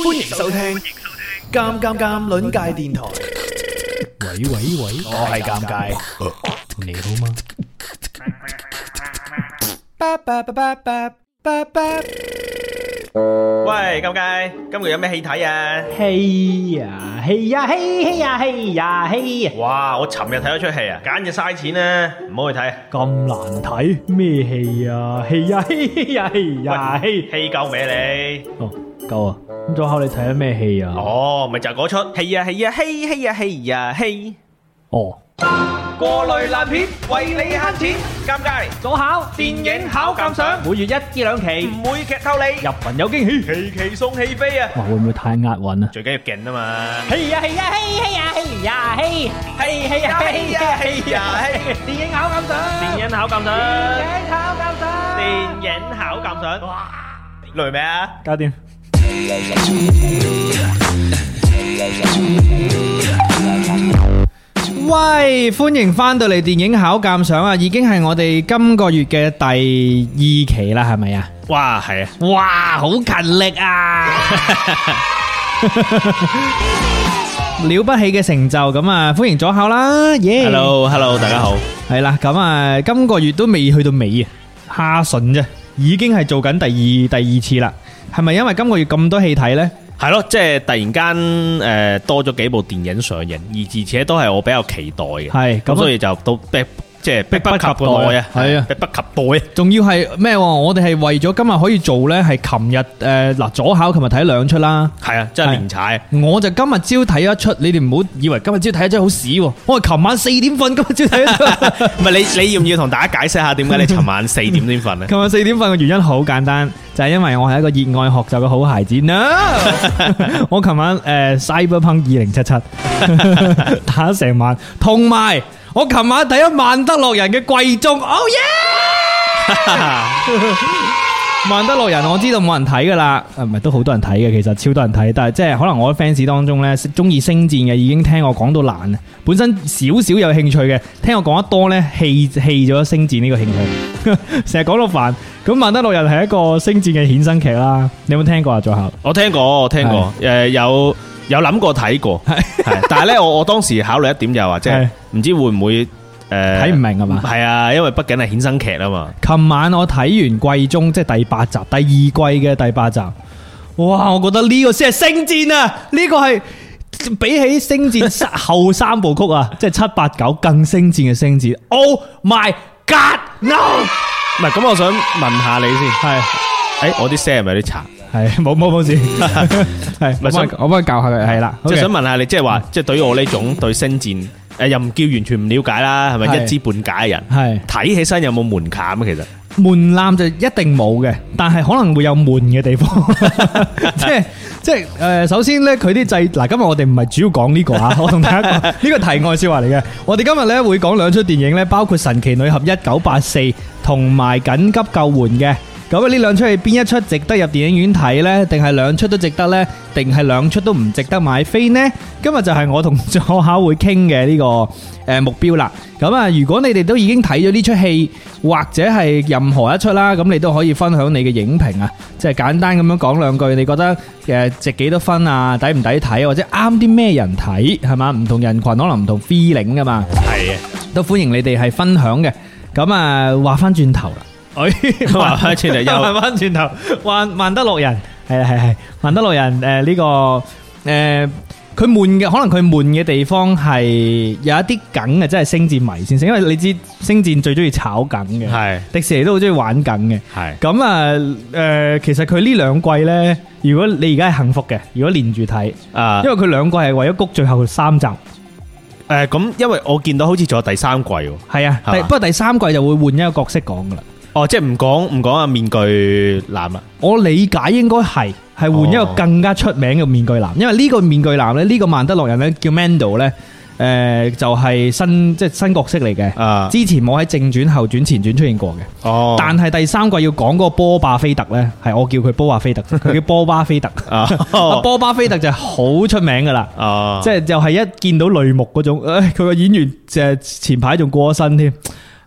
歡迎收聽《尷尷尷》鄰界電台。喂喂喂，我係尷尬。你好嗎？喂，尷尬，今日有咩戲睇啊？戲啊，戲呀，戲呀，戲呀，戲啊！哇，我尋日睇咗出戲啊，簡直嘥錢啦，唔好去睇。咁難睇咩戲啊？戲呀，戲呀，戲呀，戲呀，戲！夠未你？哦，夠啊。咁早考你睇咗咩戲啊？哦，咪就係嗰齣。係啊係啊，嘿嘿啊嘿啊嘿。哦。過濾爛片，為你慳錢，尷尬。早考電影考鑒賞，每月一至兩期，唔會劇透你，入群有驚喜，期期送戲飛啊！哇，會唔會太壓韻啊？最緊要勁啊嘛。係啊係啊，嘿嘿啊嘿啊嘿，嘿嘿啊嘿啊嘿啊嘿。電影考鑒賞，電影考鑒賞，電影考鑒賞，電影考鑒賞。累未啊？搞掂。喂，歡迎翻到嚟電影考鑒賞啊！已經係我哋今個月嘅第二期啦，係咪啊？哇，係啊！哇，好勤力啊！了不起嘅成就咁啊！歡迎左考啦！耶！Hello，Hello，大家好。係啦，咁啊，今個月都未去到尾啊，下旬啫，已經係做緊第二第二次啦。係咪因為今個月咁多戲睇呢？係咯，即係突然間、呃、多咗幾部電影上映，而且都係我比較期待嘅，係，咁所以就都、呃逼不及待啊，係啊，迫不及待。仲要係咩、啊？我哋係為咗今日可以做咧，係琴日誒嗱，左考琴日睇兩出啦，係啊，真係連踩、啊。我就今日朝睇一出，你哋唔好以為今日朝睇一出好屎。我係琴晚四點瞓，今日朝睇一出。 唔係你你要唔要同大家解釋下點解你琴晚四點先瞓咧？琴 晚四點瞓嘅原因好簡單，就係、是、因為我係一個熱愛學習嘅好孩子。No! 我琴晚誒，Cyberpunk 二零七七打成晚，同、呃、埋。 我琴晚睇咗《萬德洛人》嘅季終，Oh yeah！萬 德洛人我知道冇人睇噶啦，啊唔係都好多人睇嘅，其實超多人睇，但係即係可能我 fans 當中呢，中意星戰嘅已經聽我講到爛，本身少少有興趣嘅，聽我講得多呢，棄棄咗星戰呢個興趣，成日講到煩。咁萬德洛人係一個星戰嘅衍生劇啦，你有冇聽過啊？最後，我聽過，我聽過，誒是、呃、有。有諗過睇過，係， 但係咧，我我當時考慮一點就話，即係唔知會唔會誒睇唔明啊嘛？係啊，因為畢竟係衍生劇啊嘛。琴晚我睇完季中即係、就是、第八集，第二季嘅第八集，哇！我覺得呢個先係星戰啊，呢、這個係比起星戰後三部曲啊，即係七八九更星戰嘅星戰。 Oh my God！no 唔係咁，我想問下你先，係是，誒、欸，我啲聲係咪有啲殘？係冇冇冇事，係唔係？我幫佢教下佢，係啦。即係想問下你，即係話，即係對於我呢種對星戰誒又唔叫完全唔了解啦，係咪一知半解嘅人？係睇起身有冇門檻啊？其實門檻就一定冇嘅，但係可能會有門嘅地方。即係即係誒，首先咧，佢啲掣嗱，今日我哋唔係主要講呢個啊，我同大家講呢個題外笑話嚟嘅。我哋今日咧會講兩出電影咧，包括《神奇女俠一九八四》同埋《緊急救援》嘅。咁啊，呢兩齣係邊一齣值得入電影院睇呢？定係兩齣都值得呢？定係兩齣都唔值得買飛呢？今日就係我同左考會傾嘅呢個誒目標啦。咁啊，如果你哋都已經睇咗呢齣戲或者係任何一齣啦，咁你都可以分享你嘅影評啊，即係簡單咁樣講兩句，你覺得誒值幾多分啊？抵唔抵睇？或者啱啲咩人睇？係嘛？唔同人群可能唔同 feeling 嘅嘛。係啊的，都歡迎你哋係分享嘅。咁啊，話翻轉頭啦。轉頭又轉頭，萬萬德諾人係啊係係萬德諾人誒呢個誒佢悶嘅，可能佢悶嘅地方係有一啲梗啊，真係星戰迷先識，因為你知星戰最中意炒梗嘅，係迪士尼都好中意玩梗嘅，係咁啊誒，其實佢呢兩季咧，如果你而家係幸福嘅，如果連住睇啊，因為佢兩季係為咗谷最後三集誒，咁因為我見到好似仲有第三季，係啊，不過第三季就會換一個角色講噶啦。哦，即係唔講唔講阿面具男啦，我理解應該係係換一個更加出名嘅面具男，哦、因為呢個面具男咧，呢、這個曼德洛人咧叫 Mando 咧、呃，誒就係、是、新即係新角色嚟嘅，啊、之前冇喺正轉、後轉、前轉出現過嘅，哦，但係第三季要講嗰個波巴菲特咧，係我叫佢波巴菲特，佢叫波巴菲特， 啊，波巴菲特就好出名噶啦，哦、啊，即係就係一見到淚目嗰種，誒、哎，佢個演員就前排仲過咗身添。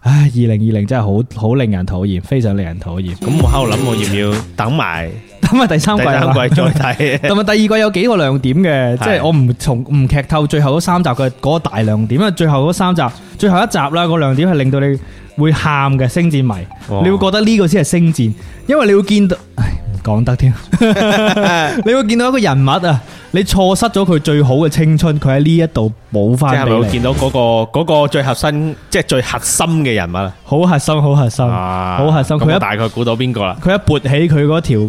唉，二零二零真係好好令人討厭，非常令人討厭。咁我喺度諗，我要唔要等埋，等埋第三季啦。第三季再睇，同埋第二季有幾個亮點嘅，即係是的 我唔從唔劇透最後三集嘅嗰個大亮點，因為最後三集最後一集啦，個亮點係令到你會喊嘅星戰迷，哦、你會覺得呢個先係星戰，因為你會見到。講說得添， 你會見到一個人物啊！你錯失咗佢最好嘅青春，佢喺呢一度補翻。即係咪見到嗰、那個 個最核心，即、就、係、是、最核心嘅人物啦、啊？好核心，好核心，好、啊、核心。佢一大概估到邊個啦？佢一撥起佢嗰條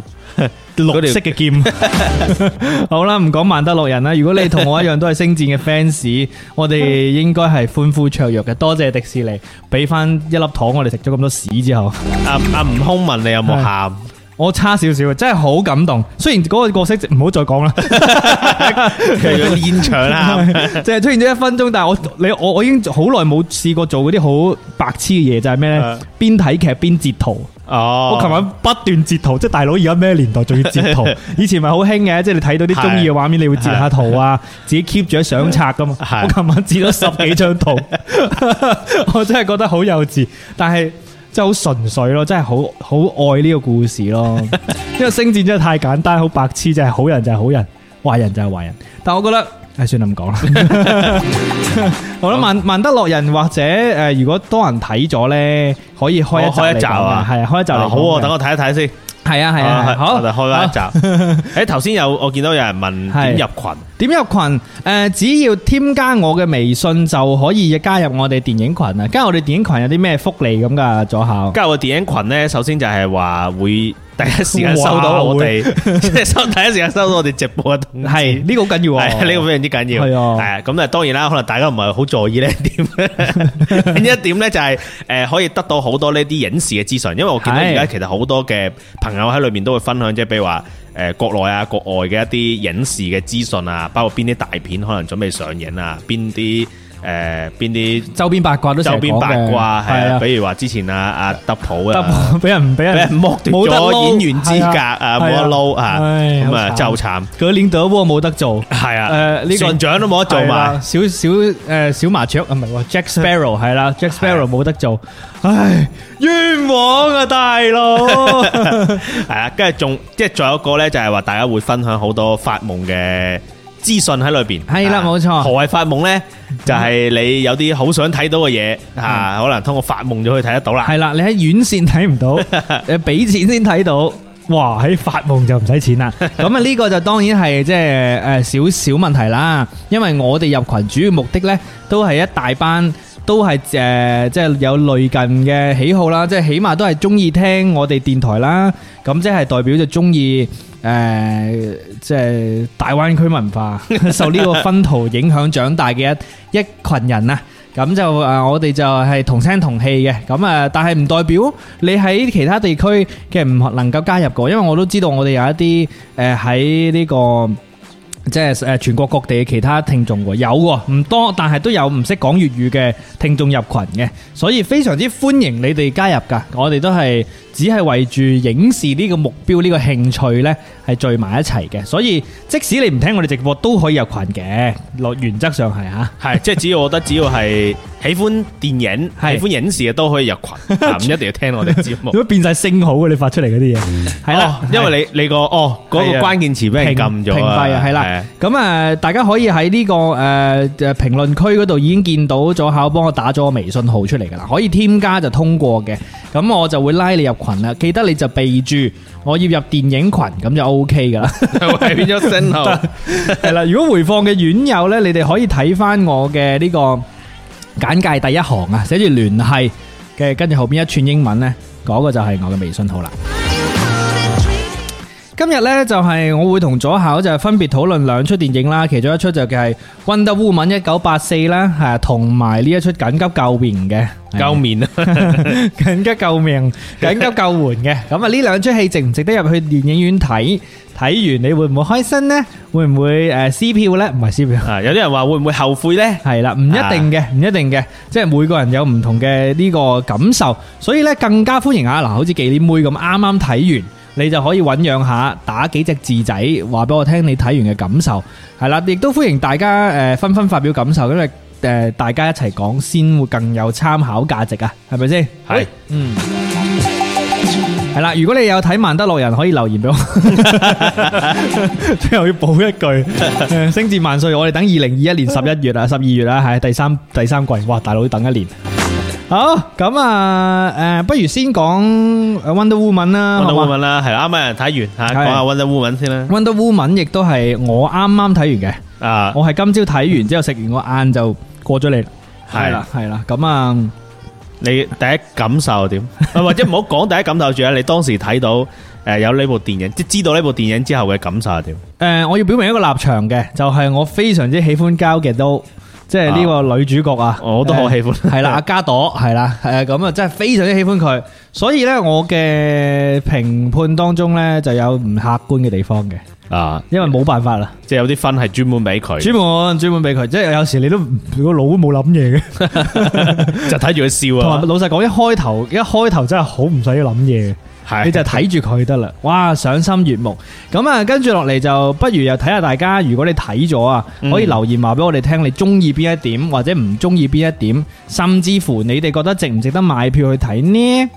綠色嘅劍。 好啦，唔講曼德洛人啦。如果你同我一樣都係星戰嘅 fans， 我哋應該係歡呼雀躍嘅。多謝，謝迪士尼，俾翻一粒糖，我哋食咗咁多屎之後。阿阿吳空文，你有冇喊？我差少少，真係好感動。雖然嗰個角色唔好再講啦，現 場啦，即係 出現咗一分鐘。但係我你我我已經好耐冇試過做嗰啲好白痴嘅嘢，就係咩咧？邊睇劇邊截圖哦！我琴晚不斷截圖，即係、哦哦、大佬而家咩年代仲要截圖？ 以前咪好興嘅，即、就、係、是、你睇到啲中意嘅畫面，你會截下圖啊，自己 keep 住喺相冊噶嘛？我琴晚截咗十幾張圖，我真係覺得好幼稚，但係。真係好純粹咯，真係好好愛呢個故事咯。 因為星戰真係太簡單，好白癡，就係好人就係好人，壞人就係壞人。但我覺得誒、哎，算咁講啦。 好啦，萬萬德樂人或者誒，如果多人睇咗咧，可以開一開一集啊，係啊，開一集、啊、好、啊，等我睇一睇先。係啊，係啊，啊是啊，好，我哋開一集。誒，頭先有我見到有人問點 入群？點入群？誒，只要添加我嘅微信就可以加入我哋電影群啊。加入我哋電影群有啲咩福利咁噶？左下角加入我電影群呢，首先就係話會，第一時間收到我哋，即係收第一時間收到我哋直播嘅通，係呢、呢個好緊要，啊、 要，係呢個非常之緊要，係咁啊，當然啦，可能大家唔係好在意呢咧， 點？一點呢，就係誒，可以得到好多呢啲影視嘅資訊，因為我見到而家其實好多嘅朋友喺裏面都會分享，即係譬如話誒國內啊、國外嘅一啲影視嘅資訊啊，包括邊啲大片可能準備上映啊，邊啲。誒，邊啲周邊八卦都周邊八卦係啊，比如話之前阿阿德普啊德普，俾人唔俾人剝奪咗演員資格啊，冇得撈啊，咁啊就慘。佢連朵窩冇得做，係啊，誒，呢個船長都冇得做嘛，少少誒小麻雀啊，唔係 Jack Sparrow，係啦，Jack Sparrow 冇得做，唉冤枉啊大佬，係啊，跟住仲，即係仲有一個咧，就係話大家會分享好多發夢嘅。資訊喺裏邊係啦，冇錯。何謂發夢呢？就係你有啲好想睇到嘅嘢，吓可能通過發夢就可以睇得到啦。係啦，你喺遠線睇唔到，你俾錢先睇到。哇，喺發夢就唔使錢啦。咁啊，呢個就當然係即係誒，少少問題啦。因為我哋入群主要目的呢，都係一大班，都係誒，即係有類近嘅喜好啦。即係起碼都係中意聽我哋電台啦。咁即係代表就中意。誒，即係大灣區文化，受呢個薰陶影響長大嘅一一群人啊，咁就誒，我哋就係同聲同氣嘅，咁啊，但係唔代表你喺其他地區嘅唔能夠加入嘅，因為我都知道我哋有一啲誒喺呢個即係誒全國各地嘅其他聽眾喎，有喎，唔多，但係都有唔識講粵語嘅聽眾入群嘅，所以非常之歡迎你哋加入噶，我哋都係。只係為住影視呢個目標、呢個興趣呢係聚埋一齊嘅。所以即使你唔聽我哋直播，都可以入群嘅。落原則上係嚇、啊，係即係只要我覺得只要係喜歡電影、 喜歡影視嘅都可以入群。唔的、啊、一定要聽我哋節目。如果變晒聲好嘅、啊，你發出嚟嗰啲嘢，係啦、哦，了因為你你個哦嗰、那個關鍵詞俾人禁咗啊，係啦。咁啊，大家可以喺呢個誒誒評論區嗰度已經見到咗，嚇我幫我打咗個微信號出嚟㗎啦，可以添加就通過嘅。咁我就會拉你入。群啦，記得你就備註我要入電影群，咁就 OK 噶啦。係變咗新號，係啦。如果回放嘅院友咧，你哋可以睇翻我嘅呢個簡介第一行啊，寫住聯繫嘅，跟住後邊一串英文咧，嗰個就係我嘅微信號啦。今日咧，就係我會同左考就分別討論兩齣電影啦，其中一齣就係《Wonder Woman 1984》啦，係啊，同埋呢一齣緊急救命嘅救命啊，緊急救命、緊急救援嘅咁啊，呢兩齣戲值唔值得入去電影院睇？睇完你會唔會開心咧？會唔會誒撕票咧？唔係撕票啊！有啲人話會唔會後悔咧？係啦，唔一定嘅，唔一定嘅，即係每個人有唔同嘅呢個感受，所以咧更加歡迎啊！嗱，好似紀念妹咁，啱啱睇完。你就可以醞釀下打幾隻字仔，話俾我聽你睇完嘅感受，係啦，亦都歡迎大家誒紛紛發表感受，因為誒大家一齊講先會更有參考價值啊，係咪先？係，嗯，係啦，如果你有睇《曼達洛人》，可以留言俾我，最後要補一句，星至萬歲！我哋等二零二一年十一月啊，十二月啊，係第三第三季，哇，大佬等一年。好咁啊，誒，不如先講《Wonder Woman》啦，《Wonder Woman》啦，係啱啱，睇完吓，講下《Wonder Woman》先啦，《Wonder Woman》亦都係我啱啱睇完嘅，啊，我係今朝睇完之後食完個晏就過咗嚟，係啦，係啦，咁啊，你第一感受點？或者唔好講第一感受，住啊，你當時睇到誒，有呢部電影，即知道呢部電影之後嘅感受係點？誒，我要表明一個立場嘅，就係我非常之喜歡交嘅都。即係呢個女主角啊，欸哦、我都好喜歡。係啦、欸，阿、啊、加朵，係、嗯、啦，係啊、嗯，咁啊，真係非常之喜歡佢。所以咧，我嘅評判當中咧就有唔客觀嘅地方嘅。啊，因為冇辦法啦、啊，即係有啲分係專門俾佢，專門專門俾佢。即係有時你都如果腦都冇諗嘢嘅， 就睇住佢笑啊。 老實講，一開頭一開頭真係好唔使諗嘢。係， 你就睇住佢得啦。哇，賞心悅目。咁啊，跟住落嚟就不如又睇下大家，如果你睇咗啊，可以留言話俾我哋聽，你中意邊一點，或者唔中意邊一點，甚至乎你哋覺得值唔值得買票去睇呢？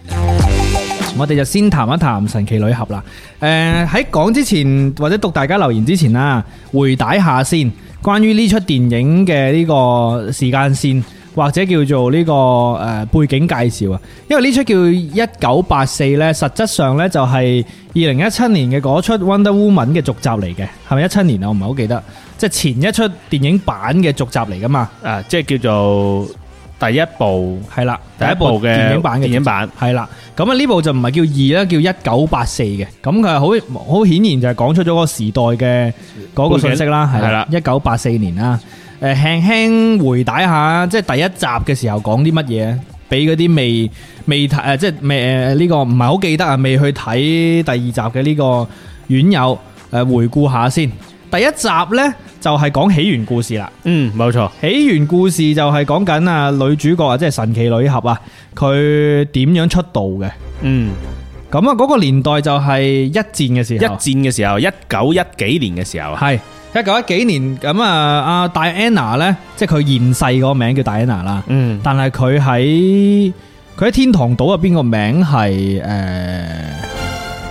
我哋就先談一談神奇女俠啦。誒、呃，喺講之前或者讀大家留言之前啦，回帶下先，關於呢出電影嘅呢個時間線。或者叫做呢個誒背景介紹啊，因為呢出叫《一九八四》呢，實質上呢就係二零一七年嘅嗰出《Wonder Woman》嘅續集嚟嘅。係咪一七年啊？我唔係好記得，即係前一出電影版嘅續集嚟噶嘛？誒、啊，即係叫做第一部，係啦了，第一部嘅電影版嘅電影版，係啦。咁啊，呢部就唔係叫二啦，叫《一九八四》嘅。咁佢係好好顯然就係講出咗個時代嘅嗰個信息啦，係啦景，一九八四年啦。誒，輕輕回帶下，即係第一集嘅時候講啲乜嘢，俾嗰啲未未睇誒，即係咩？呢個唔係好記得啊，未去睇第二集嘅呢個院友誒，回顧下先。第一集呢就係講起源故事啦。嗯，冇錯，起源故事就係講緊啊女主角啊，即係神奇女俠啊，佢點樣出道嘅？嗯，咁啊，嗰個年代就係一戰嘅時候，一戰嘅時候，一九一幾年嘅時候係。一九一幾年咁啊，阿戴安娜咧，即係佢現世個名叫戴安娜啦。嗯，但係佢喺佢喺天堂島入邊個名係誒、呃、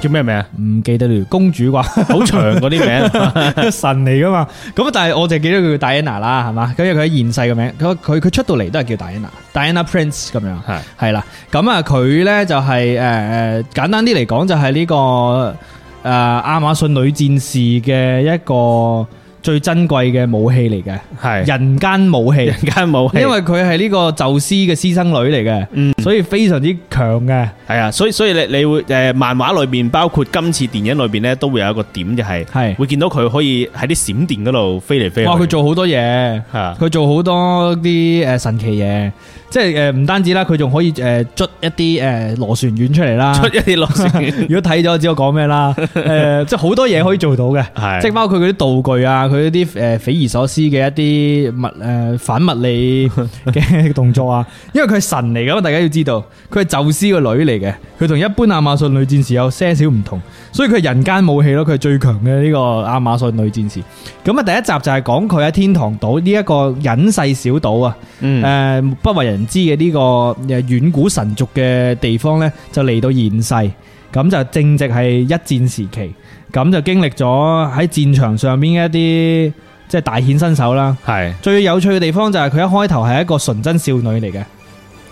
叫咩名啊？唔記得了，公主啩，好 長嗰啲名 神嚟噶嘛？咁但係我就記得佢叫戴安娜啦，係嘛？咁因為佢喺現世個名，佢佢佢出到嚟都係叫戴安娜，戴安娜 Prince 咁樣係係啦。咁啊的，佢咧就係、是、誒、呃、簡單啲嚟講就係呢、這個。誒，亞馬遜女戰士嘅一個最珍貴嘅武器嚟嘅，係人間武器，人間武器，因為佢係呢個宙斯嘅私生女嚟嘅，嗯，所以非常之強嘅，係啊，所以所以你你會誒漫畫裏邊，包括今次電影裏邊咧，都會有一個點就係，係會見到佢可以喺啲閃電嗰度飛嚟飛去。哇，佢做好多嘢，吓佢做好多啲誒神奇嘢。即係誒，唔單止啦，佢仲可以誒，捽一啲誒螺旋丸出嚟啦，捽一啲螺旋丸。 如果睇咗，知我講咩啦，誒，即係好多嘢可以做到嘅，即係的包括佢啲道具啊，佢啲誒匪夷所思嘅一啲物誒反物理嘅動作啊。 因為佢係神嚟噶嘛，大家要知道，佢係宙斯個女嚟嘅，佢同一般亞馬遜女戰士有些少唔同，所以佢係人間武器咯，佢係最強嘅呢個亞馬遜女戰士。咁啊，第一集就係講佢喺天堂島呢一個隱世小島啊，誒、嗯，不為人。知嘅呢個誒遠古神族嘅地方咧，就嚟到現世，咁就正值係一戰時期，咁就經歷咗喺戰場上面一啲即係大顯身手啦。係是的 最有趣嘅地方就係佢一開頭係一個純真少女嚟嘅，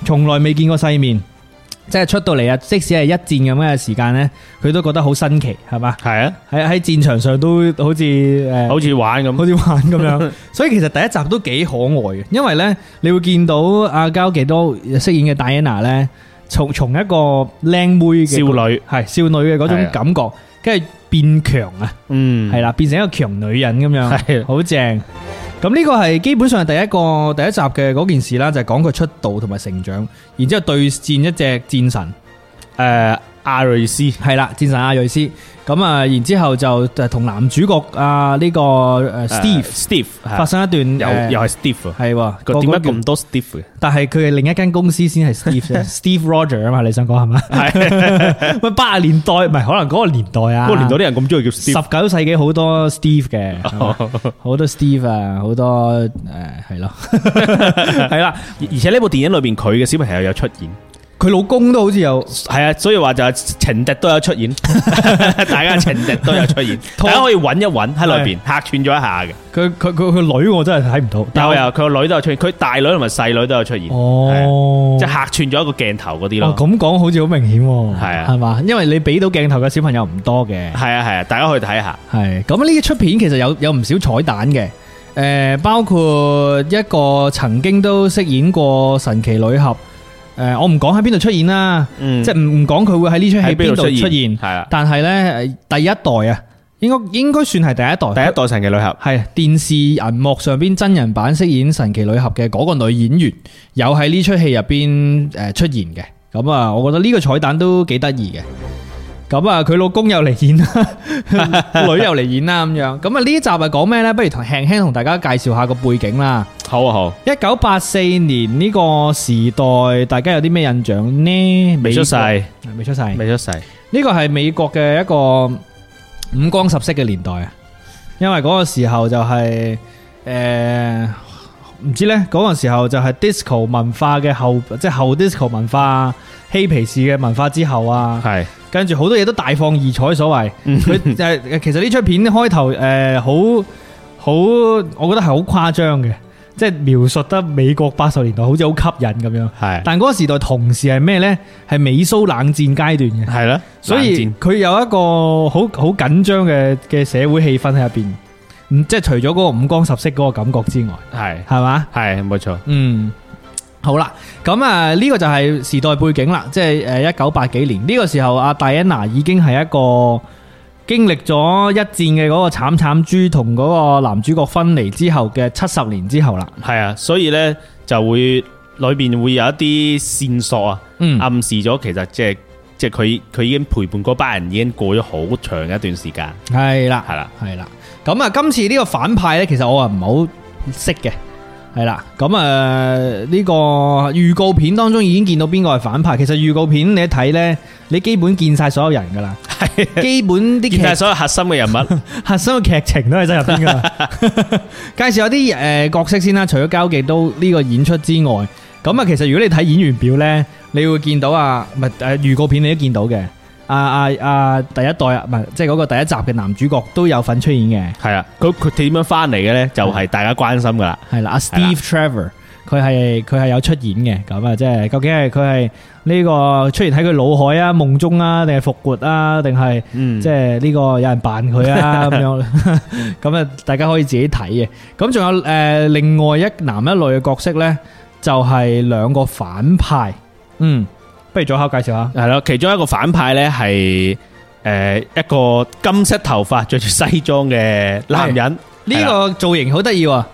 從來未見過世面。即係出到嚟啊，即使係一戰咁樣嘅時間咧，佢都覺得好新奇，係嘛？係啊，喺喺戰場上都好似誒，好似玩咁，好似玩咁樣。所以其實第一集都幾可愛嘅，因為咧你會見到阿加歐奇多飾演嘅戴安娜咧，從從一個靚妹嘅少女係少女嘅嗰種感覺，跟住變強啊，嗯，係啦，變成一個強女人咁樣，係好正。咁呢個係基本上係第一個第一集嘅嗰件事啦，就係講佢出道同埋成長，然之後對戰一隻戰神，誒、呃、阿瑞斯係啦，戰神阿瑞斯。咁啊，然之後就就同男主角啊呢個誒 Steve，Steve 發生一段又又係 Steve，係個點解咁多 Steve？但係佢係另一間公司先係 Steve，Steve Roger 啊嘛，你想講係嘛？係八十年代唔係，可能嗰個年代啊，嗰個年代啲人咁中意叫 Steve。十九世紀好多 Steve 嘅，好多 Steve 啊，好多誒係咯，係啦，而且呢部電影裏邊佢嘅小朋友有出現。佢老公都好似有，係啊，所以話就係情敵都有出現， 大家情敵都有出現， 大家可以揾一揾喺裏邊是客串咗一下嘅。佢佢佢佢女我真係睇唔到，有但係佢個女都有出現，佢大女同埋細女都有出現，哦，即係、就是、客串咗一個鏡頭嗰啲咯。咁講、哦、好似好明顯，係啊，係嘛，因為你俾到鏡頭嘅小朋友唔多嘅，係啊係啊，大家可以睇下，係咁呢出片其實有有唔少彩蛋嘅，誒、呃，包括一個曾經都飾演過神奇女俠。誒、呃，我唔講喺邊度出現啦，嗯、即係唔唔講佢會喺呢出戲邊度出現，出現，係啊。但係呢，第一代啊，應該應該算係第一代。第一代，第一代神奇女俠係電視銀幕上邊真人版飾演神奇女俠嘅嗰個女演員，有喺呢出戲入邊誒出現嘅。咁、嗯、啊，我覺得呢個彩蛋都幾得意嘅。咁啊，佢老公又嚟演啦，女又嚟演啦，咁樣。咁啊，呢集係講咩呢？不如同輕輕同大家介紹下個背景啦。好啊，好。一九八四年呢個時代，大家有啲咩印象呢？未出世，未出世，未出世。呢個係美國嘅一個五光十色嘅年代啊。因為嗰個時候就係，誒。唔知呢嗰、嗰個時候就係 disco 文化嘅後，即係後 disco 文化、嬉皮士嘅文化之後啊。係，跟住好多嘢都大放異彩所謂，所謂佢誒，其實呢出片開頭誒、呃，好好，我覺得係好誇張嘅，即、就、係、係、描述得美國八十年代好似好吸引咁樣。係，是的 但嗰個時代同時係咩呢？係美蘇冷戰階段嘅。係啦，所以佢有一個好好緊張嘅嘅社會氣氛喺入邊。即係除咗嗰個五光十色嗰個感覺之外，係係嘛，係冇錯。嗯，好啦，咁啊呢個就係時代背景啦，即係誒一九八幾年呢個時候，阿戴恩娜已經係一個經歷咗一戰嘅嗰個慘慘豬，同嗰個男主角分離之後嘅七十年之後啦。係啊，所以呢就會裏邊會有一啲線索啊，暗示咗、嗯、其實即係即係佢佢已經陪伴嗰班人已經過咗好長一段時間。係啦，係啦，係啦。咁啊，今次呢個反派呢，其實我啊唔係好識嘅，係啦。咁啊，呢個預告片當中已經見到邊個係反派。其實預告片你一睇呢，你基本見晒所有人噶啦，係的基本啲見晒所有核心嘅人物、 核心嘅劇情都係真入邊噶。 介紹下啲誒角色先啦，除咗交技都呢個演出之外，咁啊，其實如果你睇演員表呢，你會見到啊，唔係誒預告片你都見到嘅。啊啊啊！第一代唔係即係嗰個第一集嘅男主角都有份出演嘅，係啦，佢佢點樣翻嚟嘅咧？就係大家關心噶啦，係啦，Steve Trevor 佢係佢係有出演嘅，咁啊，即係究竟係佢係呢個出現喺佢腦海啊、夢中啊，定係復活啊，定係即係呢個有人扮佢啊咁樣，咁啊，大家可以自己睇嘅。咁仲有誒，另外一男一女嘅角色咧，就係兩個反派，嗯。不如咗口介紹下，係咯，其中一個反派咧係誒一個金色頭髮着住西裝嘅男人，呢個造型好得意啊！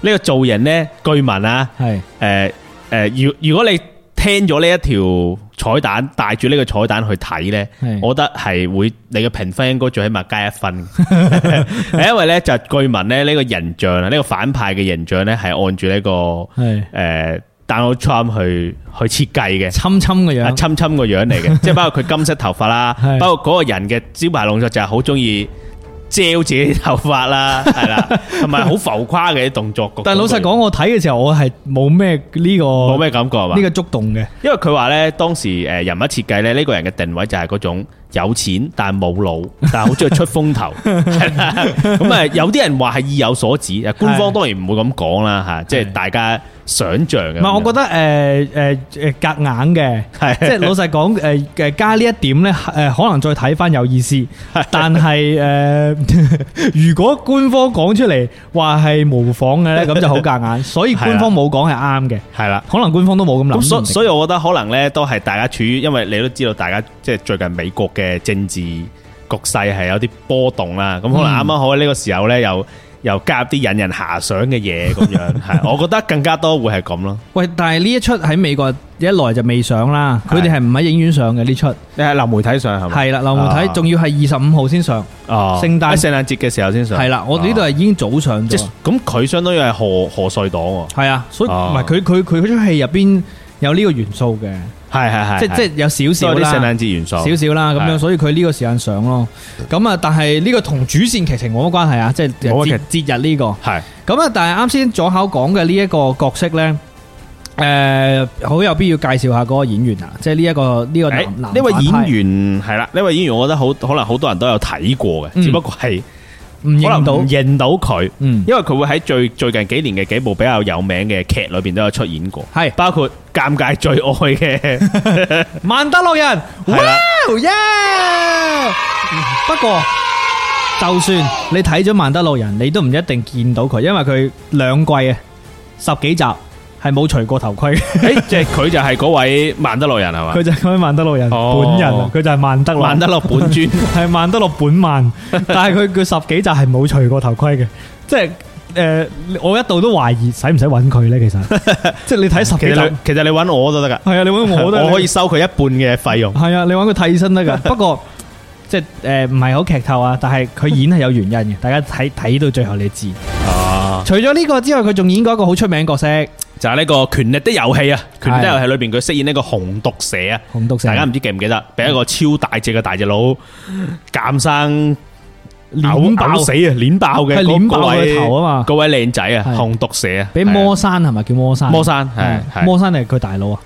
呢個造型咧，據聞啊，係誒誒，如如果你聽咗呢一條彩蛋，帶住呢個彩蛋去睇咧，我覺得係會你嘅評分應該最起碼加一分，係因為咧就據聞咧呢個形象啊，呢個反派嘅形象咧係按住呢個係誒。Donald Trump 去去設計嘅，侵侵嘅樣，侵侵嘅樣嚟嘅，即係包括佢金色頭髮啦，包括嗰個人嘅招牌動作就係好中意撩自己頭髮啦，係啦，同埋好浮誇嘅啲動作。但係老實講，我睇嘅時候，我係冇咩呢個冇咩感覺，呢個觸動嘅。因為佢話咧，當時誒人物設計咧，呢個人嘅定位就係嗰種有錢但係冇腦，但係好中意出風頭。咁啊，有啲人話係意有所指，誒，官方當然唔會咁講啦吓，即係大家。想象嘅，唔係我覺得誒誒誒夾硬嘅，係即係老實講，誒誒加呢一點咧，誒可能再睇翻有意思，但係誒如果官方講出嚟話係模仿嘅咧，咁就好夾硬，所以官方冇講係啱嘅，係啦，可能官方都冇咁諗。咁所所以我覺得可能咧都係大家處於，因為你都知道大家即係最近美國嘅政治局勢係有啲波動啦，咁可能啱啱好喺呢個時候咧又。又加入啲引人遐想嘅嘢咁樣，係，我覺得更加多會係咁咯。喂，但係呢一出喺美國一來就未上啦，佢哋係唔喺影院上嘅呢出。你喺流媒體上係咪？係啦，流媒體仲要係二十五號先上，聖誕節嘅時候先上。係啦，我哋呢度係已經早上咗。即係咁，佢相當於係賀賀歲檔。係啊，所以唔係佢佢佢嗰出戲入邊。有呢個元素嘅，係系系，即係即係有少少啲聖誕節元素，少少啦咁樣，是是所以佢呢個時間上咯。咁啊，就是這個、的但係呢個同主線劇情冇乜關係啊，即係節日呢個係。咁啊，但係啱先左口講嘅呢一個角色咧，誒是是、呃，好有必要介紹下嗰個演員啊，即係呢一個呢、這個呢位、欸、演員係啦，呢位、這個、演員我覺得好可能好多人都有睇過嘅，嗯、只不過係。唔認到，唔認到佢，嗯，因為佢會喺最最近幾年嘅幾部比較有名嘅劇裏邊都有出現過，係包括尷尬最愛嘅《曼德路人》，哇耶！不過就算你睇咗《曼德路人》，你都唔一定見到佢，因為佢兩季啊，十幾集。係冇除過頭盔，誒，即係佢就係嗰位曼德洛人係嘛？佢就係嗰位曼德洛人本人，佢就係曼德曼德洛本尊，係曼德洛本曼。但係佢佢十幾集係冇除過頭盔嘅，即係誒，我一度都懷疑使唔使揾佢咧？其實，即係你睇十幾集，其實你揾我都得噶。係啊，你揾我都，我可以收佢一半嘅費用。係啊，你揾佢替身得噶。不過即係誒，唔係好劇透啊。但係佢演係有原因嘅，大家睇睇到最後你知。哦。除咗呢個之外，佢仲演過一個好出名角色，就係呢個權力的遊戲啊，權力的遊戲裏邊佢飾演呢個紅毒蛇啊，紅毒蛇，大家唔知記唔記得，俾一個超大隻嘅大隻佬夾生，碾爆死啊，碾爆嘅，係碾爆落去頭啊嘛，嗰位靚仔啊，紅毒蛇啊，俾魔山係咪叫魔山？魔山係，魔山係佢大佬啊。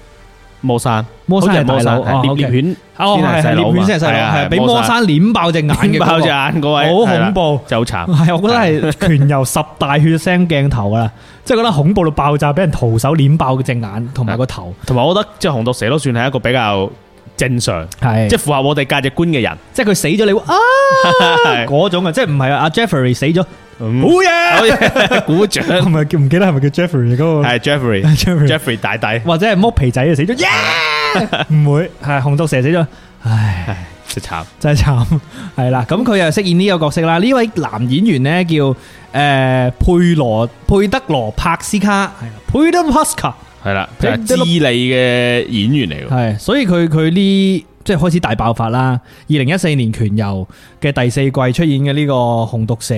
魔山，魔山，係魔山獵獵犬，哦係係獵犬先係犀利，係俾魔山碾爆隻眼嘅，碾爆隻眼，嗰位好恐怖，就好慘。係我覺得係拳遊十大血腥鏡頭啦，即係覺得恐怖到爆炸，俾人徒手碾爆嘅隻眼，同埋個頭，同埋我覺得即係紅毒蛇都算係一個比較正常，係即係符合我哋價值觀嘅人，即係佢死咗你，啊嗰種啊，即係唔係阿 Jeffery 死咗。好嘢，鼓掌、嗯，係咪叫唔記得係咪叫 Jeffrey 嗰、那個？係 Jeffrey，Jeffrey 大大帝， 或者係剝皮仔就死咗，唔、yeah! 會係紅毒蛇死咗，唉， 真慘慘，真係慘，係啦，咁佢又飾演呢個角色啦。呢位男演員咧叫誒、呃、佩羅佩德羅帕斯卡，係佩德羅帕斯卡，係啦，佢係智利嘅演員嚟嘅，係，所以佢佢啲。即係開始大爆發啦！二零一四年《權遊》嘅第四季出現嘅呢個紅毒蛇，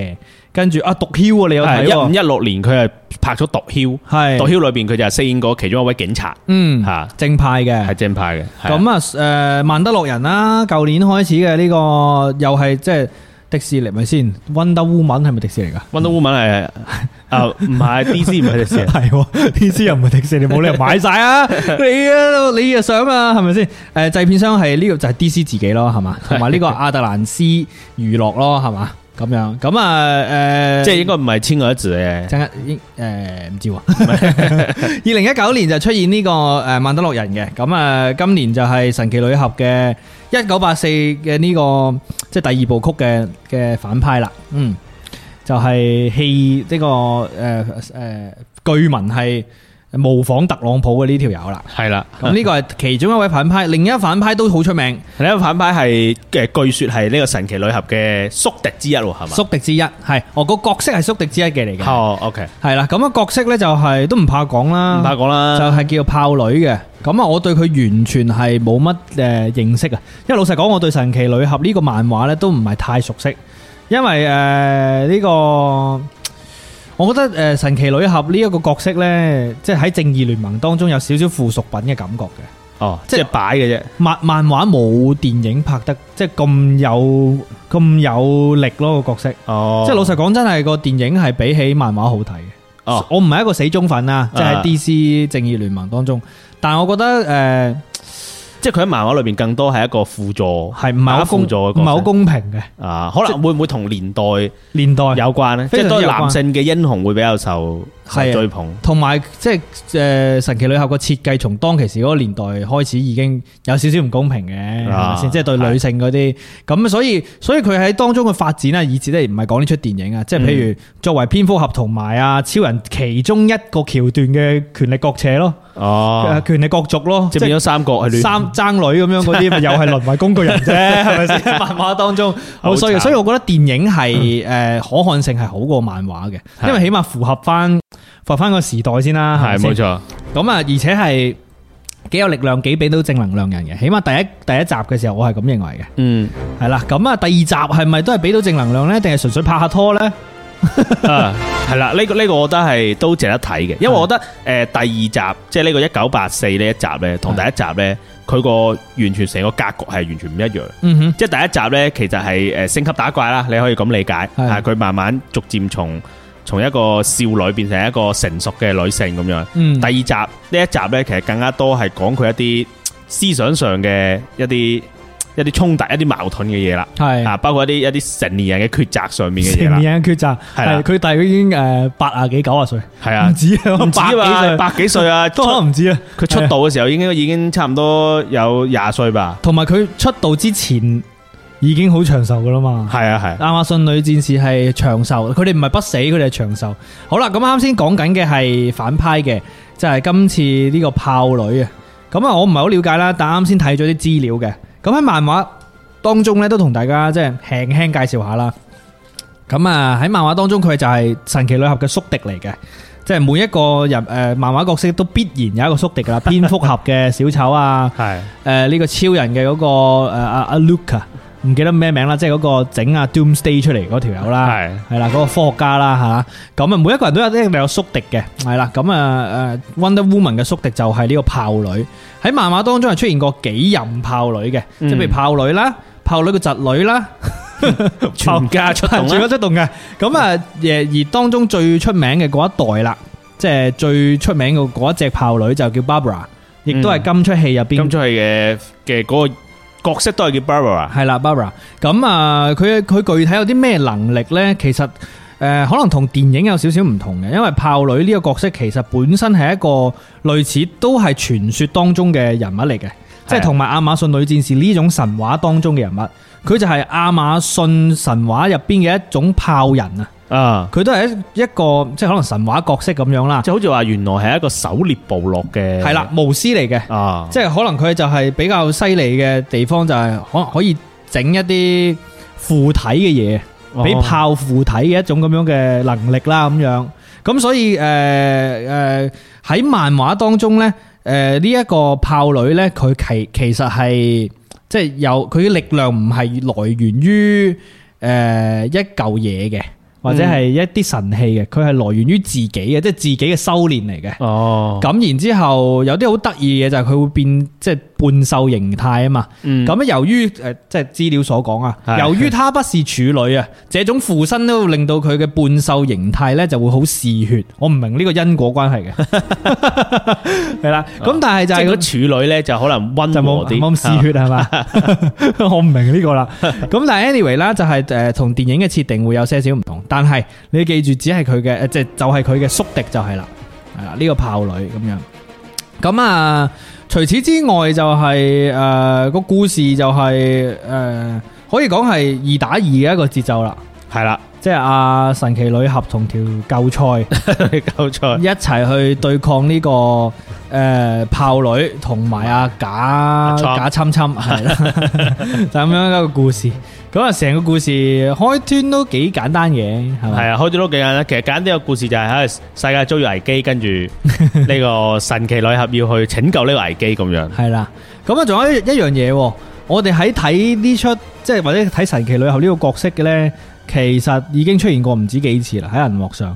跟住啊毒梟啊，你有睇啊？一五一六年佢係拍咗《毒梟》，係《毒梟》裏邊佢就係飾演過其中一位警察，嗯吓正派嘅，係正派嘅。咁啊，誒，曼德洛人啦，舊年開始嘅呢個又係即係。就是迪士尼咪先，Wonder Woman 係咪迪士尼噶？Wonder Woman 係 啊，唔係 DC 唔係迪士尼，係、 哦、DC 又唔係迪士尼，冇理由買晒啊！你啊，你又想啊，係咪先？誒，製片商係呢、這個就係 DC 自己咯，係嘛？同埋呢個亞特蘭斯娛樂咯，係嘛？咁樣咁、嗯嗯、啊，誒不是，即係應該唔係《Teenage 誒，唔知二零一九年就出現呢個誒《曼德洛人》嘅，咁啊，今年就係《神奇女俠》嘅。一九八四嘅呢個即係、就是、第二部曲嘅嘅反派啦，嗯，就係戲呢個誒誒據聞係。模仿特朗普嘅呢條友啦，係啦，咁呢個係其中一位反派，另一反派都好出名。另一個反派係嘅，據說係呢個神奇女俠嘅宿敵之一喎，係嘛？宿敵之一係我，個角色係宿敵之一嘅嚟嘅。哦，OK，係啦，咁個角色呢就係都唔怕講啦，唔怕講啦，就係叫做豹女嘅。咁啊，我對佢完全係冇乜誒認識啊，因為老實講，我對神奇女俠呢個漫畫呢都唔係太熟悉，因為誒呢個。我覺得誒，神奇女俠呢一個角色呢，即係喺正義聯盟當中有少少附屬品嘅感覺嘅。哦，即係擺嘅啫。漫漫畫冇電影拍得即係咁有咁有力咯，個角色。哦，即係老實講，真係個電影係比起漫畫好睇嘅。哦，我唔係一個死忠粉啊，即係 DC 正義聯盟當中，但係我覺得誒。呃即係佢喺漫畫裏邊更多係一個輔助，係唔係一個輔助嘅角色，唔係好公平嘅。啊，可能是會唔會同年代、年代有關咧？關即係多男性嘅英雄會比較受。嗯係追捧，同埋即係誒神奇女俠個設計，從當其時嗰個年代開始，已經有少少唔公平嘅，先、啊？即係對女性嗰啲咁，所以所以佢喺當中嘅發展啦，以至咧唔係講呢出電影啊，即、就、係、是、譬如作為蝙蝠俠同埋啊超人其中一個橋段嘅權力角扯咯，哦、啊，權力角逐咯，即、啊、變咗三角三爭爭女咁樣嗰啲，咪又係淪為工具人啫，係咪先？漫畫當中，所以慘所以我覺得電影係誒可看性係好過漫畫嘅的，因為起碼符合翻。翻翻個時代先啦，係冇錯。咁啊，而且係幾有力量，幾俾到正能量人嘅。起碼第一第一集嘅時候，我係咁認為嘅。嗯，係啦。咁啊，第二集係咪都係俾到正能量呢？定係純粹拍下拖呢？係啦，呢個呢個，我覺得係都值得睇嘅。因為我覺得誒，第二集即係呢個一九八四呢一集呢，同第一集呢，佢個完全成個格局係完全唔一樣。嗯哼，即係第一集呢，其實係誒升級打怪啦，你可以咁理解。係佢慢慢逐漸從。從一個少女變成一個成熟嘅女性咁樣。嗯、第二集呢一集呢，其實更加多係講佢一啲思想上嘅一啲一啲衝突、一啲矛盾嘅嘢啦。係是啊，包括一啲一啲成年人嘅抉擇上面嘅嘢啦。成年人抉擇係佢大概已經誒八啊幾九啊歲，係啊唔止啊，唔止啊，百幾歲啊，都可能唔止啊。佢出道嘅時候的應該已經差唔多有廿歲吧。同埋佢出道之前。已經好長壽噶啦嘛，係啊係。亞馬遜女戰士係長壽，佢哋唔係不死，佢哋係長壽。好啦，咁啱先講緊嘅係反派嘅，就係今次呢個豹女啊。咁啊，我唔係好了解啦，但啱先睇咗啲資料嘅。咁喺漫畫當中咧，都同大家即係輕輕介紹下啦。咁啊，喺漫畫當中佢就係神奇女俠嘅宿敵嚟嘅，即係每一個人誒、呃，漫畫角色都必然有一個宿敵噶啦。 蝙蝠俠嘅小丑啊，係誒呢個超人嘅嗰個誒阿阿盧卡。Uh, uh, 唔記得咩名啦，即係嗰個整阿 Doomsday 出嚟嗰條友啦，係係啦，嗰、嗰個科學家啦吓，咁啊每一個人都有啲定有宿敵嘅，係啦，咁啊誒 Wonder Woman 嘅宿敵就係呢個豹女，喺漫畫當中係出現過幾任豹女嘅，即係譬如豹女啦，豹女嘅侄女啦，嗯、 全家出動啦，全家出動嘅，咁啊而當中最出名嘅嗰一代啦，即係最出名嘅嗰一隻豹女就叫 Barbara，亦都係今出戲入邊，今、嗯、出戲嘅嘅個。角色都係叫 Barbara，係啦 Barbara。咁、呃、啊，佢佢具體有啲咩能力呢？其實誒、呃，可能同電影有少少唔同嘅，因為豹女呢個角色其實本身係一個類似都係傳說當中嘅人物嚟嘅，的即係同埋亞馬遜女戰士呢種神話當中嘅人物，佢就係亞馬遜神話入邊嘅一種炮人豹人啊。啊！佢都係一一個即係可能神話角色咁樣啦，就好似話原來係一個狩獵部落嘅，係啦巫師嚟嘅，啊，即係可能佢就係比較犀利嘅地方就係可可以整一啲附體嘅嘢，俾、啊、豹附體嘅一種咁樣嘅能力啦咁樣，咁所以誒誒喺漫畫當中咧，誒、呃這個、呢一個豹女咧佢其其實係即係有佢嘅力量唔係來源於誒、呃、一嚿嘢嘅。或者係一啲神器嘅，佢係來源於自己嘅，即係自己嘅修煉嚟嘅。哦，咁然之後有啲好得意嘅就係佢會變即係半獸形態啊嘛。嗯，咁由於誒即係資料所講啊，由於他不是處女啊，這種附身都會令到佢嘅半獸形態咧就會好嗜血。我唔明呢個因果關係嘅，係啦。咁但係就係嗰處女咧就可能溫和啲，冇咁嗜血係嘛？我唔明呢個啦。咁但係 anyway 啦，就係誒同電影嘅設定會有些少唔同。但係你記住，只係佢嘅，即係就係佢嘅宿敵就係啦，係啦呢個豹女咁樣。咁啊，除此之外就係誒個故事就係誒可以講係二打二嘅一個節奏啦，係啦了，即係阿神奇女俠同條舊菜舊菜一齊去對抗呢個。誒，豹女同埋阿假假侵侵係啦，就咁樣一個故事。咁啊，成個故事開端都幾簡單嘅，係嘛？係啊，開端都幾簡單。其實簡單啲嘅故事就係，誒，世界遭遇危機，跟住呢個神奇女俠要去拯救呢個危機咁樣。係啦，咁啊，仲有一一樣嘢，我哋喺睇呢出，即係或者睇神奇女俠呢個角色嘅咧，其實已經出現過唔止幾次啦。喺銀幕上，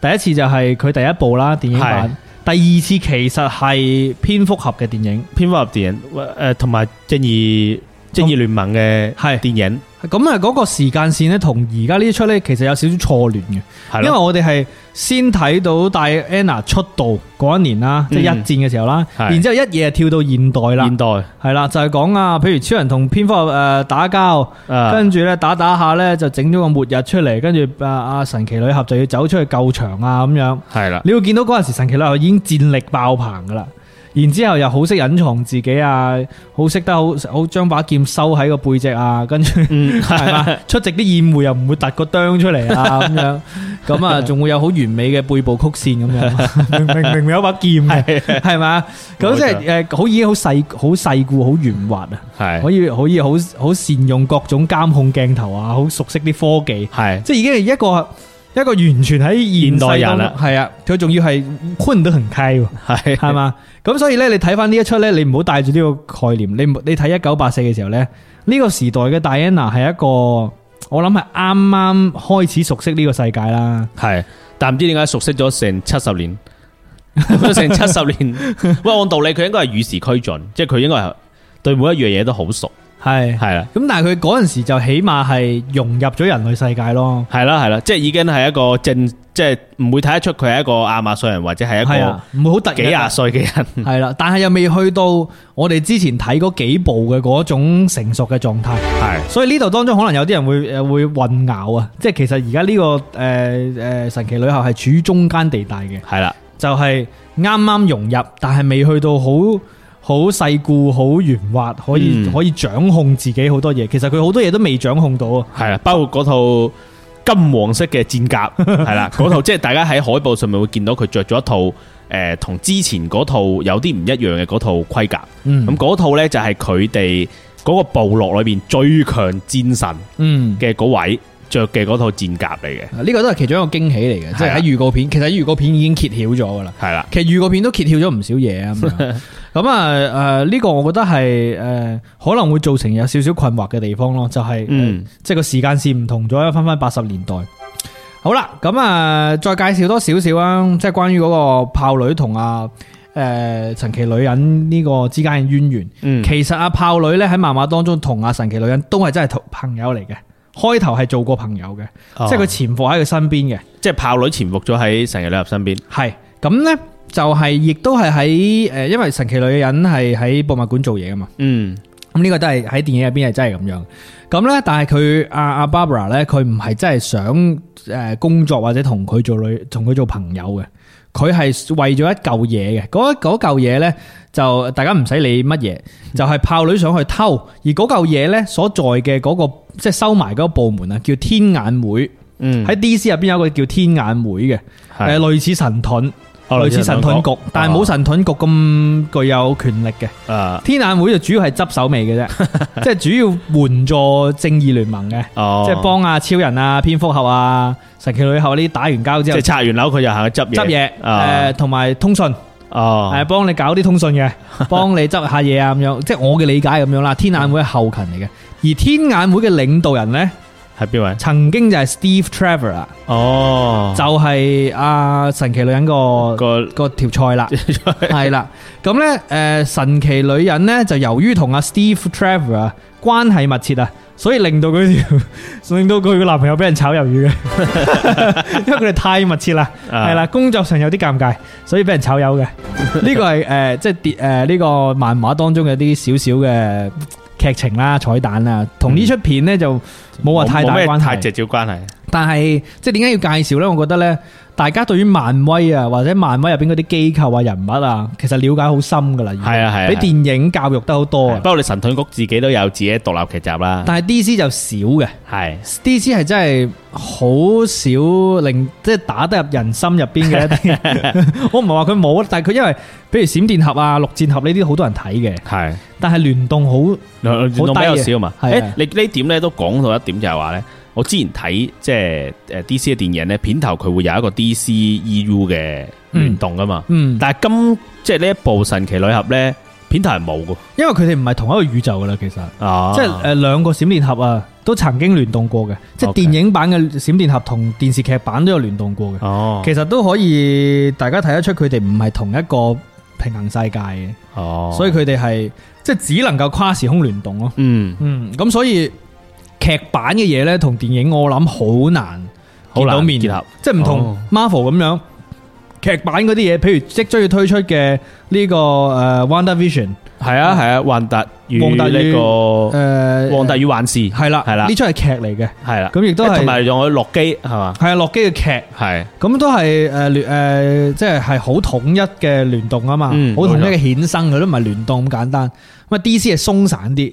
第一次就係佢第一部啦，電影版。第二次其實係蝙蝠俠嘅電影，蝙蝠俠電影誒，同、呃、埋正義。正義聯盟嘅係電影，嗯，咁啊嗰個時間線呢，同而家呢出呢，其實有少少錯亂嘅，的因為我哋係先睇到戴安娜出道嗰一年啦，即係、嗯、一戰嘅時候啦，然的之後一夜跳到現代啦，現代係啦，就係講啊，譬如超人同蝙蝠俠打交，跟住呢打打，打下呢，就整咗個末日出嚟，跟住啊啊神奇女俠就要走出去救場啊咁樣，係啦的，你會見到嗰陣時神奇女俠已經戰力爆棚噶啦。然之後又好識隱藏自己啊，好識得好好將把劍收喺個背脊啊，跟住係嘛、嗯、 出席啲宴會又唔會突個啄出嚟啊咁樣，咁啊仲會有好完美嘅背部曲線咁樣 明明，明明有把劍嘅係嘛，咁即係誒好已經好細好細故好圓滑啊，係是可以可以好好善用各種監控鏡頭啊，好熟悉啲科技，係即係已經係一個。是 一個完全喺現，現代人啦，係啊，佢仲要係寬得行溪，係係嘛，咁、 嗯、所以咧，你睇翻呢一齣咧，你唔好帶住呢個概念，你你睇一九八四嘅時候咧，呢、這個時代嘅戴安娜係一個，我諗係啱啱開始熟悉呢個世界啦，係，但唔知點解熟悉咗成七十年，成七十年，不過， 喂，按道理佢應該係與時俱進，即係佢應該係對每一樣嘢都好熟。系系啦，咁但係佢嗰陣時就起碼系融入咗人類世界咯，係啦係啦，即係已經係一個正，即係唔會睇得出佢係一個亞馬遜人或者係一個唔會好突然幾廿歲嘅人，係啦， 但係又未去到我哋之前睇嗰幾部嘅嗰種成熟嘅狀態，係的，所以呢度當中可能有啲人會會混淆啊，即係其實而家呢個誒誒、呃、神奇女俠系處於中間地帶嘅，係啦的，就係啱啱融入，但係未去到好。好世故，好圓滑，可以可以掌控自己好多嘢。其實佢好多嘢都未掌控到啊。係啊，包括嗰套金黃色嘅戰甲，係啦， 嗰套即係、就是、大家喺海報上面會見到佢着咗一套誒，同、呃、之前嗰套有啲唔一樣嘅嗰套盔甲。咁嗰、嗯、套呢，就係佢哋嗰個部落裏邊最強戰神，嗯嘅嗰位。着嘅嗰套戰甲嚟嘅，啊，呢、這個都係其中一個驚喜嚟嘅，是的 即係喺預告片，其實預告片已經揭曉咗噶啦。係啦，其實預告片都揭曉咗唔少嘢 啊。咁、呃、啊，誒，呢個我覺得係誒、呃，可能會造成有少少困惑嘅地方咯，就係、是，嗯、呃，即係個時間線唔同咗，翻翻八十年代。好啦，咁啊，再介紹多少少啊，即係關於嗰個豹女同啊誒、呃、神奇女人呢個之間嘅淵源。嗯、其實阿、啊、豹女咧喺漫畫當中同阿神奇女人都係真係同朋友嚟嘅。開頭係做過朋友嘅，哦、即係佢潛伏喺佢身邊嘅，即係豹女潛伏咗喺神奇女俠身邊。係咁呢，就係、是、亦都係喺誒，因為神奇女人係喺博物館做嘢噶嘛。嗯，咁呢個都係喺電影入邊係真係咁樣。咁呢，但係佢阿阿 Barbara 呢，佢唔係真係想誒工作或者同佢做女同佢做朋友嘅，佢係為咗一舊嘢嘅。嗰嗰舊嘢呢。就大家唔使理乜嘢，就係豹女上去偷，而嗰嚿嘢呢，所在嘅嗰個即係收埋嗰個部門啊，叫天眼會。嗯，喺 DC 入邊有個叫天眼會嘅，誒類似神盾，類似神盾局，但係冇神盾局咁具有權力嘅。天眼會就主要係執手尾嘅啫，即係主要援助正義聯盟嘅，即係幫阿超人啊、蝙蝠俠啊、神奇女俠呢啲打完交之後，即係拆完樓佢就行去執執嘢，誒同埋通訊。哦，係幫、oh. 你搞啲通訊嘅，幫你執下嘢啊咁樣， 即係我嘅理解咁樣啦。天眼會係後勤嚟嘅，而天眼會嘅領導人呢？係邊位？曾經就係 Steve Trevor 啊，哦，就係阿神奇女人、oh. 個個個條菜啦，係啦。 咁咧，誒、呃，神奇女人咧就由於同阿 Steve Trevor 關係密切啊，所以令到佢 令到佢個男朋友俾人炒魷魚嘅， 因為佢哋太密切啦，係啦、啊，工作上有啲尷尬，所以俾人炒魷嘅。呢 個係誒、呃，即係跌誒，呢、呃這個漫畫當中嘅啲少少嘅劇情啦、彩蛋啦，同呢出片咧就冇話太大關係，嗯、太直接關係。但係即係點解要介紹咧？我覺得咧。大家對於漫威啊，或者漫威入邊嗰啲機構啊、人物啊，其實了解好深噶啦，係啊係啊，比電影教育得好多啊。不過你神盾局自己都有自己獨立劇集啦。但係 DC 就少嘅，係 DC 係真係好少令即係打得入人心入邊嘅一啲。我唔係話佢冇，但係佢因為比如閃電俠啊、綠箭俠呢啲好多人睇嘅，係。但係聯動好聯動比較少嘛。誒，你呢點咧都講到一點就係話咧。我之前睇即係誒 DC 嘅電影咧，片頭佢會有一個 DC EU 嘅聯動噶嘛。嗯。嗯，但係今即係呢一部神奇女俠咧，片頭係冇噶，因為佢哋唔係同一個宇宙噶啦，其實。哦。即係誒，兩個閃電俠啊，都曾經聯動過嘅。哦。即係電影版嘅閃電俠同電視劇版都有聯動過嘅。哦。其實都可以，大家睇得出佢哋唔係同一個平行世界嘅。哦。所以佢哋係即係只能夠跨時空聯動咯。嗯。嗯。咁所以。劇版嘅嘢咧，同電影我諗好難見到面結合，即係唔同 Marvel 咁樣。劇版嗰啲嘢，譬如即將要推出嘅呢個誒，WandaVision 係啊係啊，萬達與呢個誒，萬達與幻視係啦係啦，呢出係劇嚟嘅係啦，咁亦都係同埋用去洛基係嘛，係啊洛基嘅劇係，咁都係誒誒，即係係好統一嘅聯動啊嘛，好統一嘅衍生，佢都唔係聯動咁簡單。咁啊，DC 係鬆散啲。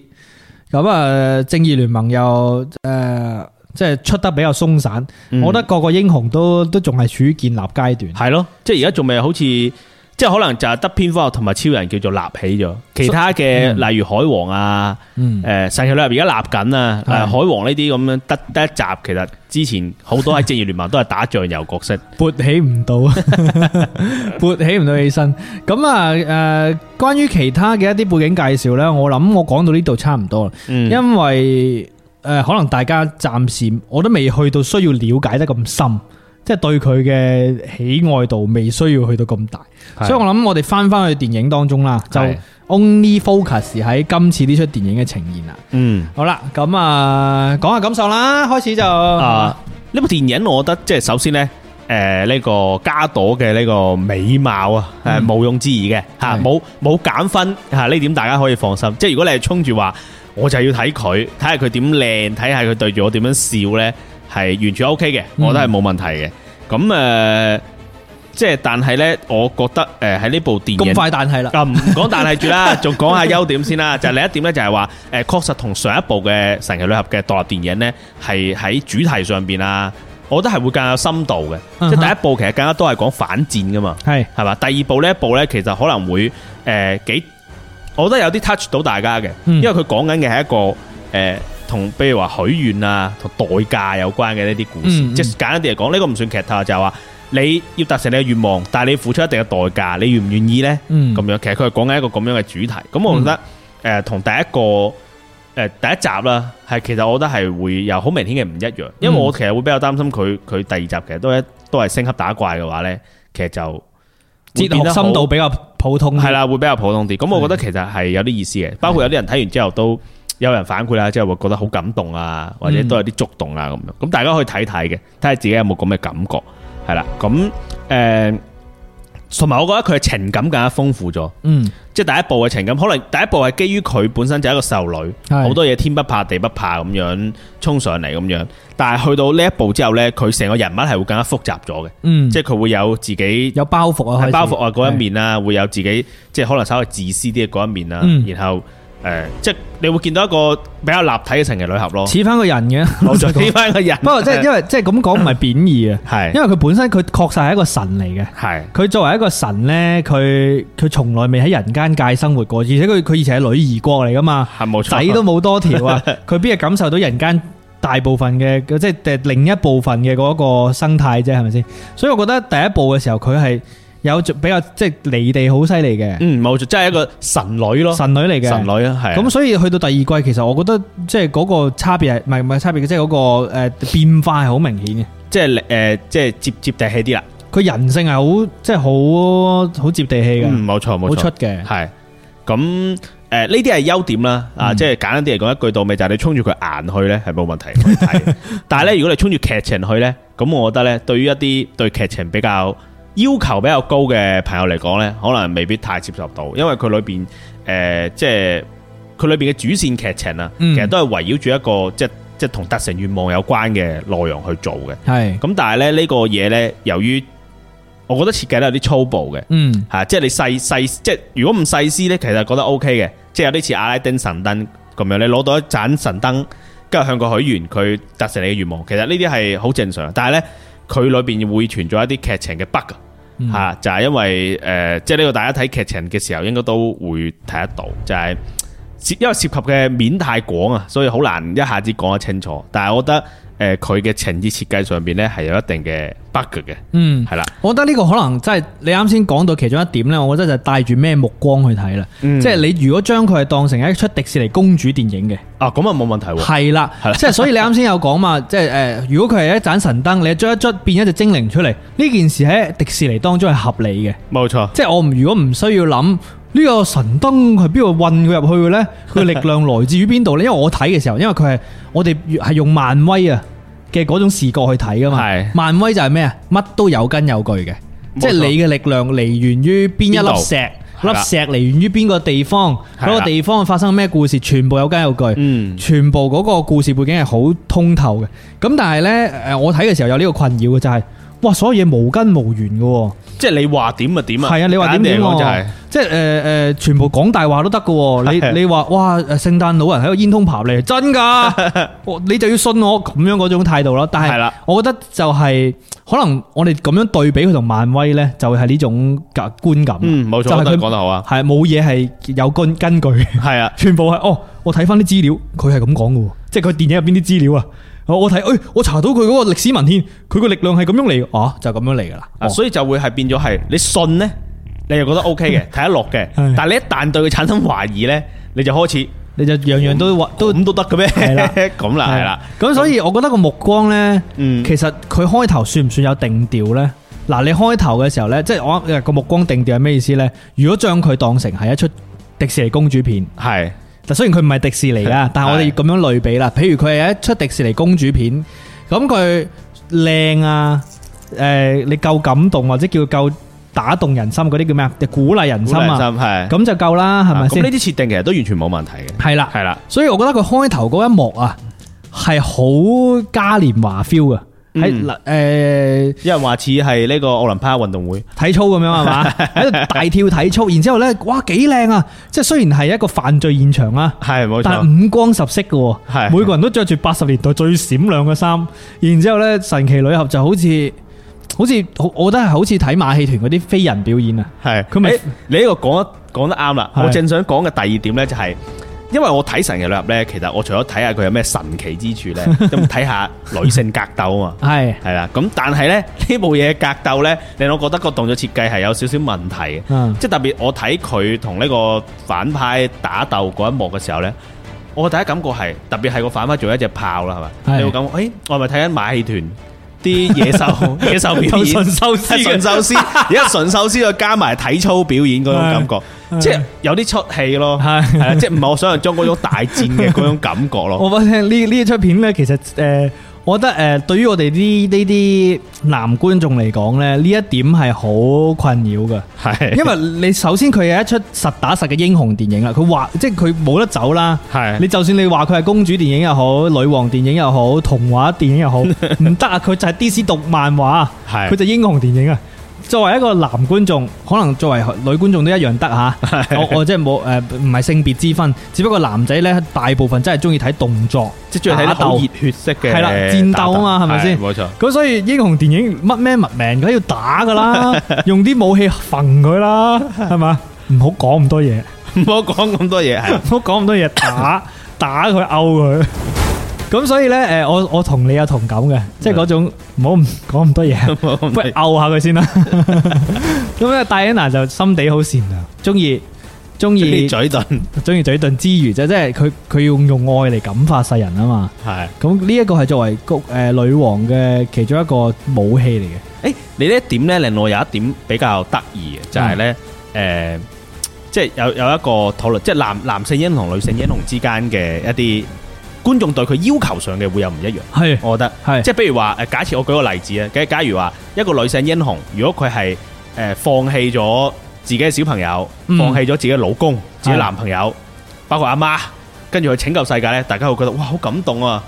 咁啊！正義聯盟又誒、呃，即係出得比較鬆散，嗯、我覺得個個英雄都都仲係處於建立階段，係咯，即係而家仲未好似。即係可能就係得蝙蝠俠同埋超人叫做立起咗，其他嘅，嗯、例如海王啊，誒、嗯，神奇女俠而家立緊啊，嗯，海王呢啲咁樣得得一集，其實之前好多喺正義聯盟都係打醬油角色，勃 起唔到，勃 起唔到起身。咁啊，誒、呃，關於其他嘅一啲背景介紹呢，我諗我講到呢度差唔多啦，嗯，因為誒、呃，可能大家暫時我都未去到需要了解得咁深。即係對佢嘅喜愛度未需要去到咁大，是的 所以我諗我哋翻翻去電影當中啦，是的 就 only focus 喺今次呢出電影嘅呈現啦。嗯，好，好啦，咁啊，講下感受啦，開始就啊呢部電影，我覺得即係首先呢，誒、呃、呢、呢個加朵嘅呢個美貌啊，係毋庸置疑嘅吓，冇冇減分吓呢點，大家可以放心。即係如果你係衝住話，我就要睇佢，睇下佢點靚，睇下佢對住我點樣笑呢。係完全 O K 嘅，我覺得係冇問題嘅。咁誒，即係但係咧，我覺得誒喺呢部電影咁快，但係啦，唔講但係住啦，仲講下優點先啦。就另一點咧，就係話誒，確實同上一部嘅神奇女俠嘅獨立電影咧，係喺主題上邊啊，我覺得係會更有深度嘅。即係第一部其實更加多係講反戰噶嘛，係係嘛。第二部呢一部咧，其實可能會誒幾，我覺得有啲 touch 到大家嘅，因為佢講緊嘅係一個誒。同比如話許願啊，同代價有關嘅呢啲故事，即係簡單啲嚟講，呢個唔算劇透，就係話你要達成你嘅願望，但係你要付出一定嘅代價，你願唔願意呢？咁樣，其實佢係講緊一個咁樣嘅主題。咁我覺得，誒，同第一個，誒，第一集啦，係其實我覺得係會有好明顯嘅唔一樣，因為我其實會比較擔心佢佢第二集其實都係都係升級打怪嘅話呢，其實就哲學深度比較普通係啦，會比較普通啲。咁我覺得其實係有啲意思嘅，包括有啲人睇完之後都。有人反饋啦，即、就、係、是、會覺得好感動啊，或者都有啲觸動啊咁、嗯、樣。咁大家可以睇睇嘅，睇下自己有冇咁嘅感覺，係啦。咁誒，同、呃、埋我覺得佢嘅情感更加豐富咗。嗯，即係第一部嘅情感，可能第一部係基於佢本身就係一個少女，好是 多嘢天不怕地不怕咁樣衝上嚟咁樣。但係去到呢一部之後呢，佢成個人物係會更加複雜咗嘅。嗯，即係佢會有自己有包袱啊，有包袱啊嗰一面啊，會有自己即係可能稍微自私啲嘅嗰一面啊。然後。誒，即係你會見到一個比較立體嘅神奇女俠咯，似翻個人嘅，似翻個人。不過即係因爲即係咁講唔係貶義啊，係因爲佢本身佢確實係一個神嚟嘅，係。佢作爲一個神咧，佢佢從來未喺人間界生活過，而且佢佢以前係女兒國嚟噶嘛，係冇錯，都冇多條啊，佢邊係感受到人間大部分嘅，即係第另一部分嘅嗰個生態啫，係咪先？所以我覺得第一部嘅時候佢係。有比較即係離地好犀利嘅，嗯冇錯，即係一個神女咯，神女嚟嘅，神女啊係。咁所以去到第二季，其實我覺得即係嗰個差別係，唔係唔係差別嘅，即係嗰個誒變化係好明顯嘅、呃，即係誒即係接接地氣啲啦。佢人性係好，即係好好接地氣嘅，冇錯冇錯，好出嘅係。咁誒呢啲係優點啦，啊、嗯、即係簡單啲嚟講一句到尾，就係你衝住佢顏去咧係冇問題， 但係咧如果你衝住劇情去咧，咁我覺得咧對於一啲對劇情比較。要求比較高嘅朋友嚟講呢，可能未必太接受到，因為佢裏邊誒，即係佢裏邊嘅主線劇情啊，嗯、其實都係圍繞住一個即係即係同達成願望有關嘅內容去做嘅。係咁是，但係咧呢、呢個嘢呢，由於我覺得設計得有啲粗暴嘅，嗯吓、啊，即係你細細即係如果唔細思呢，其實覺得 OK 嘅，即係有啲似阿拉丁神燈咁樣，你攞到一盞神燈，跟住向個許願，佢達成你嘅願望，其實呢啲係好正常。但係呢，佢裏邊會存在一啲劇情嘅 bug。吓、嗯呃，就係因為誒，即係呢個大家睇劇情嘅時候，應該都會睇得到，就係、是、涉因為涉及嘅面太廣啊，所以好難一下子講得清楚。但係我覺得。誒，佢嘅情節設計上邊呢，係有一定嘅 bug 嘅。嗯，係啦的，我覺得呢個可能真係你啱先講到其中一點呢，我覺得就帶住咩目光去睇啦。嗯，即係你如果將佢係當成一出迪士尼公主電影嘅，啊，咁啊冇問題喎。係啦的，係啦的，即係所以你啱先有講嘛， 即係誒，如果佢係一盞神燈，你捽一捽變一隻精靈出嚟，呢件事喺迪士尼當中係合理嘅。冇錯錯，即係我唔如果唔需要諗。呢個神燈係邊度運佢入去嘅呢？佢力量來自於邊度呢？因為我睇嘅時候，因為佢係我哋係用漫威啊嘅嗰種視角去睇噶嘛。係是漫威就係咩啊？乜都有根有據嘅，即係錯你嘅力量嚟源於邊一粒石，裏粒石嚟源於邊個地方，嗰的個地方發生咩故事，全部有根有據。嗯的，全部嗰個故事背景係好通透嘅。咁、嗯、但係呢，誒，我睇嘅時候有呢個困擾嘅就係、是，哇，所有嘢無根無源嘅。即係你話點咪點啊，係啊，你話點點啊，即係誒誒，全部講大話都得噶的，你你話哇，聖誕老人喺個煙通爬嚟，真噶， 你就要信我咁樣嗰種態度咯。但係，我覺得就係、是、可能我哋咁樣對比佢同漫威咧，就係呢種嘅觀感。嗯，冇錯，就係佢講得好啊，係冇嘢係有根根據，係啊的，全部係哦，我睇翻啲資料，佢係咁講噶，即係佢電影入邊啲資料啊。我我睇，誒，我查到佢嗰個歷史文獻，佢個力量係咁樣嚟，哦，就咁樣嚟噶啦，所以就會係變咗係，你信咧，你又覺得 OK 嘅，睇得落嘅，但係你一旦對佢產生懷疑咧，你就開始，你就樣樣都話都咁都得嘅咩？係啦，咁啦，係啦，咁所以我覺得個目光咧，嗯，其實佢開頭算唔算有定調咧？嗱，你開頭嘅時候咧，即係我個目光定調係咩意思咧？如果將佢當成係一出迪士尼公主片，係。嗱，雖然佢唔係迪士尼啊，但係我哋咁樣類比啦，譬如佢係一出迪士尼公主片，咁佢靚啊，誒，你夠感動或者叫夠打動人心嗰啲叫咩啊？就鼓勵人心啊，係，咁就夠啦，係咪先？咁呢啲設定其實都完全冇問題嘅，係啦，係啦，所以我覺得佢開頭嗰一幕啊，係好嘉年華 feel 嘅。係誒，有人話似係呢個奧林匹克運動會體操咁樣係嘛？喺度 大跳體操，然之後咧，哇，幾靚啊！即係雖然係一個犯罪現場啊，係冇錯，但係五光十色嘅，係是每個人都着住八十年代最閃亮嘅衫，然之後咧，神奇女俠就好似好似，我我覺得係好似睇馬戲團嗰啲飛人表演啊，係佢咪你呢個講得講得啱啦，我正想講嘅第二點咧就係、是。因為我睇神奇女俠咧，其實我除咗睇下佢有咩神奇之處咧，咁睇下女性格鬥啊嘛，係係啦。咁但係咧呢部嘢格鬥咧，令我覺得個動作設計係有少少問題嘅，嗯、即係特別我睇佢同呢個反派打鬥嗰一幕嘅時候咧，我第一感覺係特別係個反派做一隻炮啦，係嘛，你會是的 感覺？誒，我係咪睇緊馬戲團？啲野獸 野獸表演，純獸師，純獸師，而家純獸師再加埋體操表演嗰種感覺， 即係有啲出戲咯，係係啊，即係唔係我想像中嗰種大戰嘅嗰種感覺咯。 我聽呢呢出片咧，其實誒。呃我覺得誒，對於我哋呢呢啲男觀眾嚟講咧，呢一點係好困擾嘅，係，是的 因為你首先佢係一出實打實嘅英雄電影啊，佢話即係佢冇得走啦，係，是的 你就算你話佢係公主電影又好，女王電影又好，童話電影又好，唔得啊，佢就係 D C 讀漫畫，佢是的 就英雄電影啊。作為一個男觀眾，可能作為女觀眾都一樣得吓、啊。我我即係冇誒，唔、呃、係性別之分，只不過男仔咧大部分真係中意睇動作，即係中意睇啲好熱血色嘅係啦，戰鬥啊嘛，係咪先？冇錯。咁所以英雄電影乜咩物名，梗係要打噶啦，用啲武器馴佢啦，係嘛？ 唔好講咁多嘢 ，唔好講咁多嘢，唔好講咁多嘢，打打佢毆佢。咁所以咧，誒，我我同你有同感嘅，即係嗰種，唔好唔講咁多嘢，不如拗下佢先啦。咁咧，戴安娜就心地好善良，中意中意嘴遁，中意嘴遁之餘，就即係佢佢要用愛嚟感化世人啊嘛。係。咁呢一個係作為國誒女王嘅其中一個武器嚟嘅。誒，你呢一點咧，令我有一點比較得意嘅，就係咧，誒，即係有有一個討論，即係男男性英雄、女性英雄之間嘅一啲。觀眾對佢要求上嘅會有唔一樣，係是，我覺得係，是即係，比如話，誒，假設我舉個例子咧，即假如話一個女性英雄，如果佢係誒放棄咗自己嘅小朋友，嗯、放棄咗自己嘅老公、嗯、自己男朋友，是包括阿媽，跟住去拯救世界咧，大家會覺得哇，好感動啊！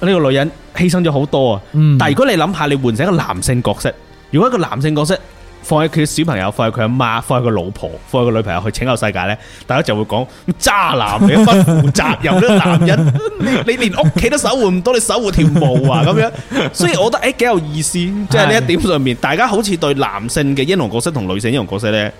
呢個女人犧牲咗好多啊，但如果你諗下，你換成一個男性角色，如果一個男性角色。放喺佢小朋友，放喺佢阿媽，放喺佢老婆，放喺個女朋友去拯救世界咧，大家就會講，渣男嘅、不負責任嘅男人，你連屋企都守護唔到，你守護條毛啊，咁樣。雖然我覺得誒幾有意思，即係呢一點上面，大家好似對男性嘅英雄角色同女性英雄角色咧，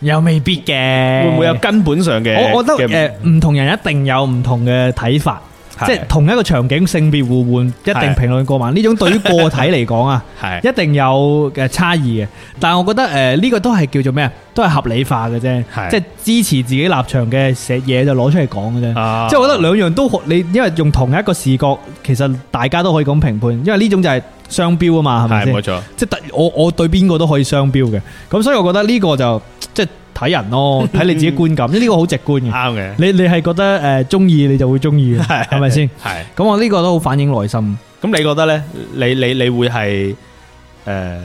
又未必嘅，會唔會有根本上嘅？我我覺得誒，唔同人一定有唔同嘅睇法。即係同一個場景性別互換，一定評論過萬。呢是的 種對於個體嚟講啊，係 是的 一定有嘅差異嘅。但係我覺得誒，呢個都係叫做咩啊？都係合理化嘅啫。即係是的 支持自己立場嘅嘢就攞出嚟講嘅啫。即係是的 我覺得兩樣都可，你因為用同一個視角，其實大家都可以咁評判。因為呢種就係雙標啊嘛，係咪？冇錯。即係特我我對邊個都可以雙標嘅。咁所以我覺得呢個就。睇人咯、哦，睇你自己觀感，呢 個好直觀嘅。啱嘅的，你你係覺得誒中意你就會中意嘅，係咪先？係咁，我呢個都好反映內心。咁你覺得呢？你你你,你會係誒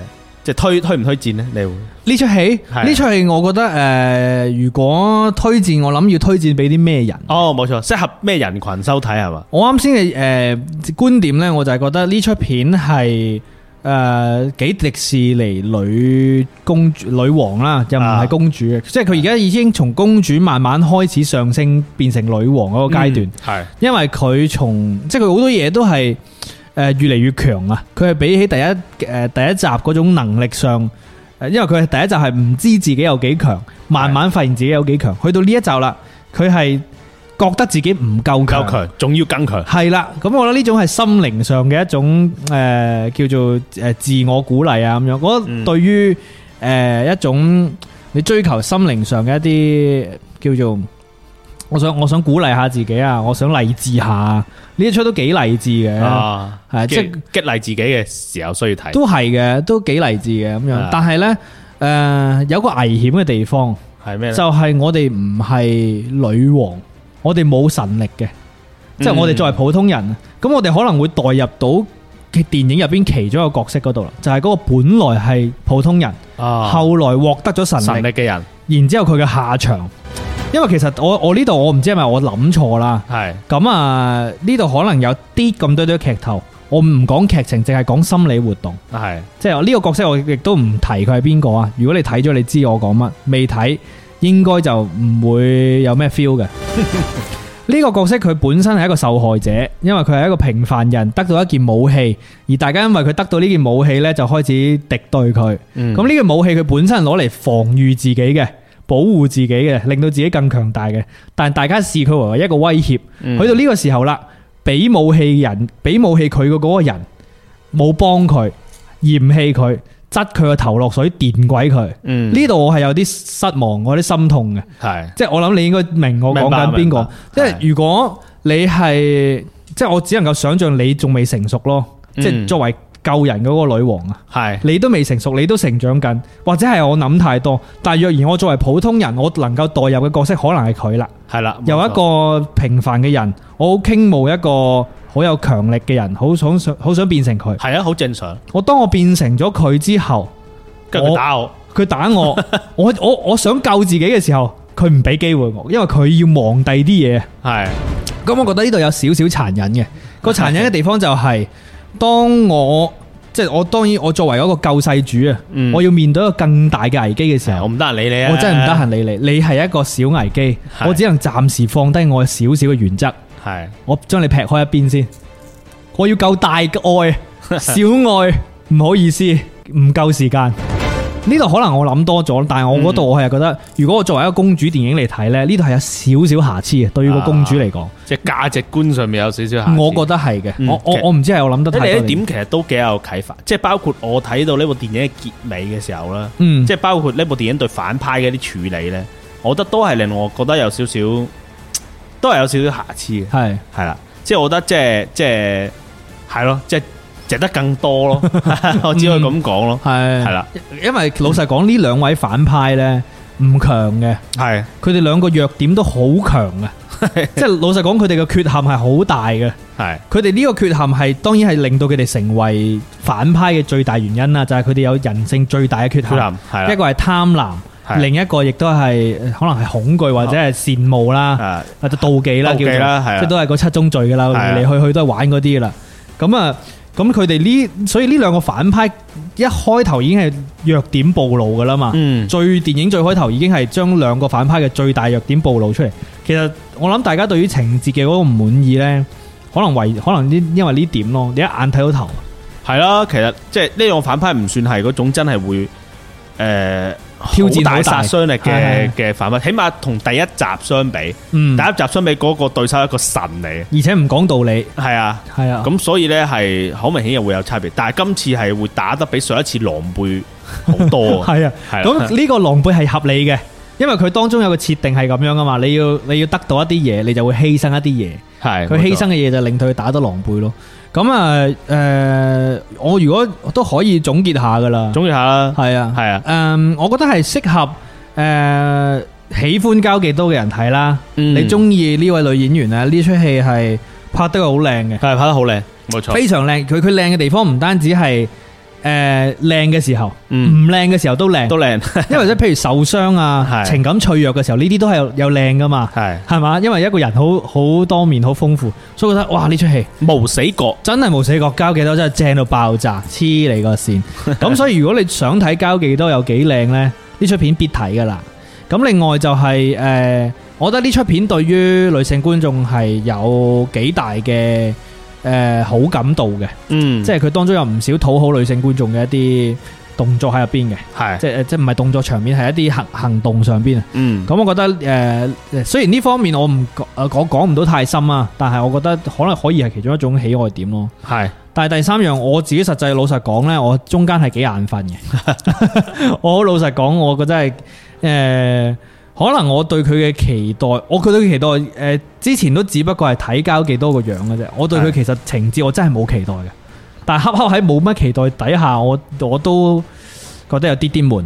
即係推推唔推薦呢？你會呢出戲？呢出戲我覺得誒、呃，如果推薦，我諗要推薦俾啲咩人？哦，冇錯，適合咩人群收睇係嘛？我啱先嘅誒觀點呢，我就係覺得呢出片係。誒、呃，幾迪士尼女公主女王啦，又唔係公主、啊、即係佢而家已經從公主慢慢開始上升，變成女王嗰個階段。係、嗯，因為佢從，即係佢好多嘢都係，誒，越嚟越強啊！佢係比起第一，誒，第一集嗰種能力上，誒，因為佢第一集係唔知自己有幾強，慢慢發現自己有幾強，是的 去到呢一集啦，佢係。覺得自己唔夠強，仲要更強，係啦。咁我覺得呢種係心靈上嘅一種誒，叫做誒，自我鼓勵啊，咁樣。我覺得對於誒，一種你追求心靈上嘅一啲叫做，我想我想鼓勵下自己啊，我想勵志下，呢一出都幾勵志嘅，係即係激勵自己嘅時候需要睇，都係嘅，都幾勵志嘅咁樣。但係呢，誒，有個危險嘅地方係咩？就係我哋唔係女王。我哋冇神力嘅，即係我哋作為普通人，咁、嗯、我哋可能會代入到嘅電影入邊其中一個角色嗰度啦，就係、是、嗰個本來係普通人，哦、後來獲得咗神力嘅人，然之後佢嘅下場。因為其實我我呢度我唔知係咪我諗錯啦，係咁是啊呢度可能有啲咁多啲劇透，我唔講劇情，淨係講心理活動，係是即係呢個角色我亦都唔提佢係邊個啊。如果你睇咗，你知我講乜，未睇。應該就唔會有咩 feel 嘅。呢個角色佢本身係一個受害者，因為佢係一個平凡人，得到一件武器，而大家因為佢得到呢件武器呢，就開始敵對佢。咁呢件武器佢本身攞嚟防禦自己嘅，保護自己嘅，令到自己更強大嘅。但大家視佢為一個威脅。去、嗯、到呢個時候啦，俾武器人，俾武器佢嘅嗰個人冇幫佢，嫌棄佢。執佢個頭落水，電鬼佢。呢度、嗯、我係有啲失望，我有啲心痛嘅。係的，即係我諗你應該明我講緊邊個。即係如果你係，即係的我只能夠想象你仲未成熟咯。即係、嗯、作為救人嗰個女王啊，係的你都未成熟，你都成長緊，或者係我諗太多。但若然我作為普通人，我能夠代入嘅角色可能係佢啦。係啦的，有一個平凡嘅人，我好傾慕一個。好有強力嘅人，好想想，好想變成佢。係啊，好正常。我當我變成咗佢之後，佢打我，佢打我， 我我我想救自己嘅時候，佢唔俾機會我，因為佢要忙第啲嘢。係咁的，我覺得呢度有少少殘忍嘅。個殘忍嘅地方就係、是，當我即係我，當然我作為一個救世主啊，嗯、我要面對一個更大嘅危機嘅時候，我唔得閒理你啊！我，我真係唔得閒理你。你係一個小危機，的我只能暫時放低我少少嘅原則。係，我將你劈開一邊先，我要夠大嘅愛小愛，唔 好意思，唔夠時間。呢度可能我諗多咗，但係我嗰度我係覺得，如果我作為一個公主電影嚟睇呢，呢度係有少少瑕疵嘅，對於個公主嚟講、啊，即係價值觀上面有少少瑕疵。我覺得係嘅，嗯、我實我唔知係我諗得太點。呢一點其實都幾有啟發，即係包括我睇到呢部電影嘅結尾嘅時候啦，嗯、即係包括呢部電影對反派嘅啲處理呢，我覺得都係令我覺得有少少。都係有少少瑕疵嘅，係係啦，即係我覺得，即係即係係咯，即係值得更多咯， 我只可以咁講咯，係係啦，的的因為老實講，呢兩位反派呢，唔強嘅，係佢哋兩個弱點都好強呀，的即係老實講，佢哋嘅缺陷係好大嘅，係佢哋呢個缺陷係當然係令到佢哋成為反派嘅最大原因啦，就係佢哋有人性最大嘅缺陷，係一個係貪婪。的另一個亦都係可能係恐懼或者係羨慕啦，或者的妒忌啦，叫即都係個七宗罪噶啦，嚟嚟的去去都係玩嗰啲噶啦。咁啊，咁佢哋呢？所以呢兩個反派一開頭已經係弱點暴露噶啦嘛。嗯、最電影最開頭已經係將兩個反派嘅最大弱點暴露出嚟。其實我諗大家對於情節嘅嗰個唔滿意呢，可能為可能因因為呢點咯，你一眼睇到頭係啦。其實即係呢兩個反派唔算係嗰種真係會誒。呃挑戰好大殺傷力嘅嘅反派，的起碼同第一集相比，嗯，第一集相比嗰個對手係一個神嚟，而且唔講道理，係啊，係啊，咁所以呢，係好明顯又會有差別，但係今次係會打得比上一次狼狽好多，係啊，咁呢個狼狽係合理嘅，因為佢當中有個設定係咁樣噶嘛，你要你要得到一啲嘢，你就會犧牲一啲嘢，係的，佢犧牲嘅嘢就令到佢打得狼狽咯。咁啊，誒、嗯，我如果都可以總結下噶啦，總結下啦，係啊，係啊，誒、嗯，我覺得係適合誒、呃、喜歡交技多嘅人睇啦，嗯、你中意呢位女演員啊？呢齣戲係拍得好靚嘅，係拍得好靚，冇錯，非常靚，佢佢靚嘅地方唔單止係。誒，靚嘅、呃、時候，唔靚嘅時候都靚，都靚靚。 因為即係譬如受傷啊， 情感脆弱嘅時候，呢啲都係有靚噶嘛，係嘛？ 因為一個人好好多面，好豐富，所以覺得哇，呢出戲無死角，真係無死角，交技都真係正到爆炸，黐你個線。咁 所以如果你想睇交技都有幾靚呢，呢出片必睇噶啦。咁另外就係、是、誒、呃，我覺得呢出片對於女性觀眾係有幾大嘅。誒，好、呃、感動嘅，嗯，即係佢當中有唔少討好女性觀眾嘅一啲動作喺入邊嘅，係是，即係即係唔係動作場面，係一啲行行動上邊，嗯，咁我覺得誒、呃，雖然呢方面我唔，誒、呃，我講講唔到太深啊，但係我覺得可能可以係其中一種喜愛點咯，係是，但係第三樣我自己實際老實講呢，我中間係幾眼瞓嘅， 我好老實講，我覺得係，誒、呃。可能我對佢嘅期待，我佢對佢期待，誒，之前都只不過係睇交幾多個樣嘅啫。我對佢其實情節，我真係冇期待嘅。但係，恰恰喺冇乜期待底下，我我都覺得有啲啲悶。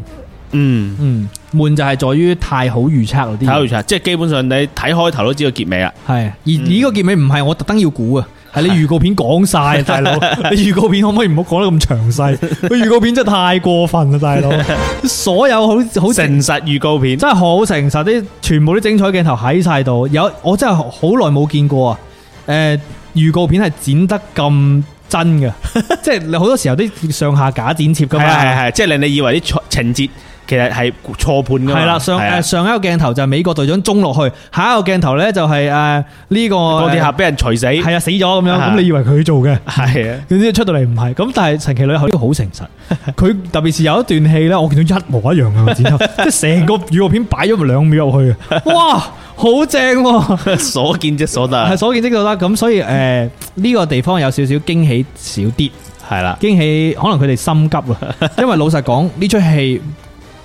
嗯嗯，悶、嗯、就係在於太好預測咯，啲太好預測，即係基本上你睇開頭都知道結尾啦。係、嗯，而呢個結尾唔係我特登要估啊。係你預告片講晒，啊，大佬，你預告片可唔可以唔好講得咁詳細？個預告片真係太過分啦，大佬！ 所有好好誠實預告片，真係好誠實，啲全部啲精彩鏡頭喺晒度。有我真係好耐冇見過啊！誒、呃，預告片係剪得咁真嘅， 即係你好多時候啲上下假剪切噶嘛，係係， 即係、就是、令你以為啲情節。其實係錯判噶係啦，上，誒，上一個鏡頭就係美國隊長中落去，下一個鏡頭咧就係誒呢個地下俾人捶死，係啊死咗咁樣，咁你以為佢做嘅，係啊，總之出到嚟唔係。咁但係神奇女俠佢好誠實，佢特別是有一段戲咧，我見到一模一樣噶，剪輯即成個預告片擺咗兩秒入去，哇，好正，所見即所得，係所見即所得。咁所以誒呢個地方有少少驚喜少啲，係啦，驚喜可能佢哋心急啊，因為老實講呢出戲。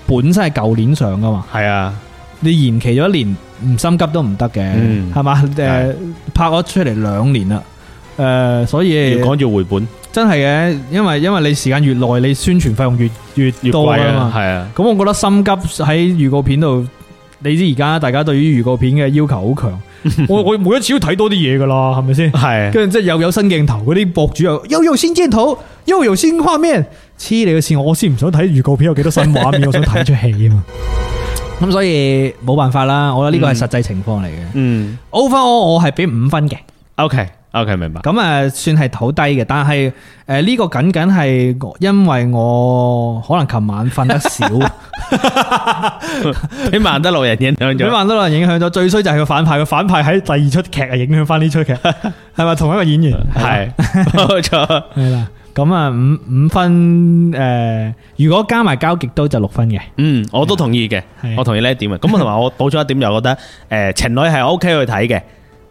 本身係舊年上㗎嘛，係是啊，你延期咗一年，唔心急都唔得嘅，係嘛、嗯？誒、呃，是啊、拍咗出嚟兩年啦，誒、呃，所以越要回本，真係嘅，因為因為你時間越耐，你宣傳費用越越越多嘛越啊嘛，係啊，咁我覺得心急喺預告片度。你知而家大家對於預告片嘅要求好強，我我每一次都睇多啲嘢噶啦，係咪先？係，跟住即係又有新鏡頭，嗰啲博主又又有新鏡頭，又有新畫面，黐你嘅線，我先唔想睇預告片有幾多新畫面，我想睇出戲啊嘛。咁所以冇辦法啦，我覺得呢個係實際情況嚟嘅。嗯 overall 我係俾五分嘅。O K。O、okay, K，明白。咁啊，算係好低嘅，但係誒呢個僅僅係因為我可能琴晚瞓得少，俾曼德路人影響咗，俾曼德路人影響咗。最衰就係個反派，個反派喺第二出劇啊影響翻呢出劇，係咪同一個演員？係冇錯，係啦。 咁啊五五分誒、呃，如果加埋交極都就六分嘅。嗯，我都同意嘅，的我同意呢一點嘅。咁同埋我補充一點， 一點一點就覺得誒情侶係 O K 去睇嘅。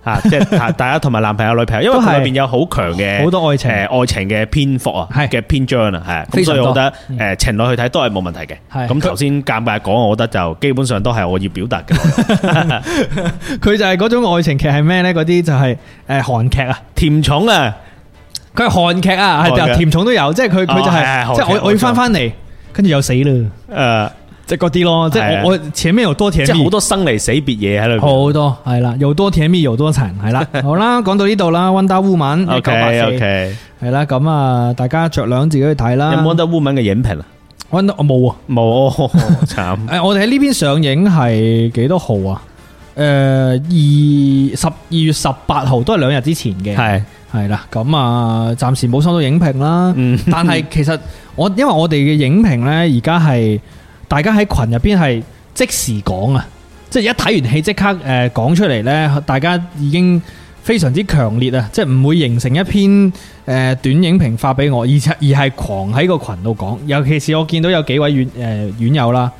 啊，即係啊，大家同埋男朋友、女朋友，因為佢裏邊有好強嘅好多愛情愛情嘅篇幅啊，嘅篇章啊，係咁，所以我覺得誒情侶去睇都係冇問題嘅。係咁頭先尷尬講，我覺得就基本上都係我要表達嘅。佢就係嗰種愛情劇係咩咧？嗰啲就係誒韓劇啊，甜寵啊，佢係韓劇啊，係甜寵都有，即係佢佢就係即係我我要翻翻嚟，跟住又死啦。誒。即係嗰啲咯，即係我我前面又多甜，即好多生離死別嘢喺度。好多係啦，又多甜蜜，又多慘係啦。好啦，講到呢度啦，《Wonder Woman》1984係啦。咁啊，大家着兩自己去睇啦。有冇《Wonder Woman》嘅影評啊？Wonder 我冇啊，冇慘。誒，我哋喺呢邊上映係幾多號啊？誒，二十二月十八號，都係兩日之前嘅。係係啦，咁啊，暫時冇收到影評啦。但係其實我因為我哋嘅影評咧，而家係。大家喺群入邊係即時講啊，即係一睇完戲即刻誒，講出嚟，呢，大家已經非常之強烈啊！即係唔會形成一篇誒短影評發俾我，而且而係狂喺個群度講。尤其是我見到有幾位院、誒院友啦，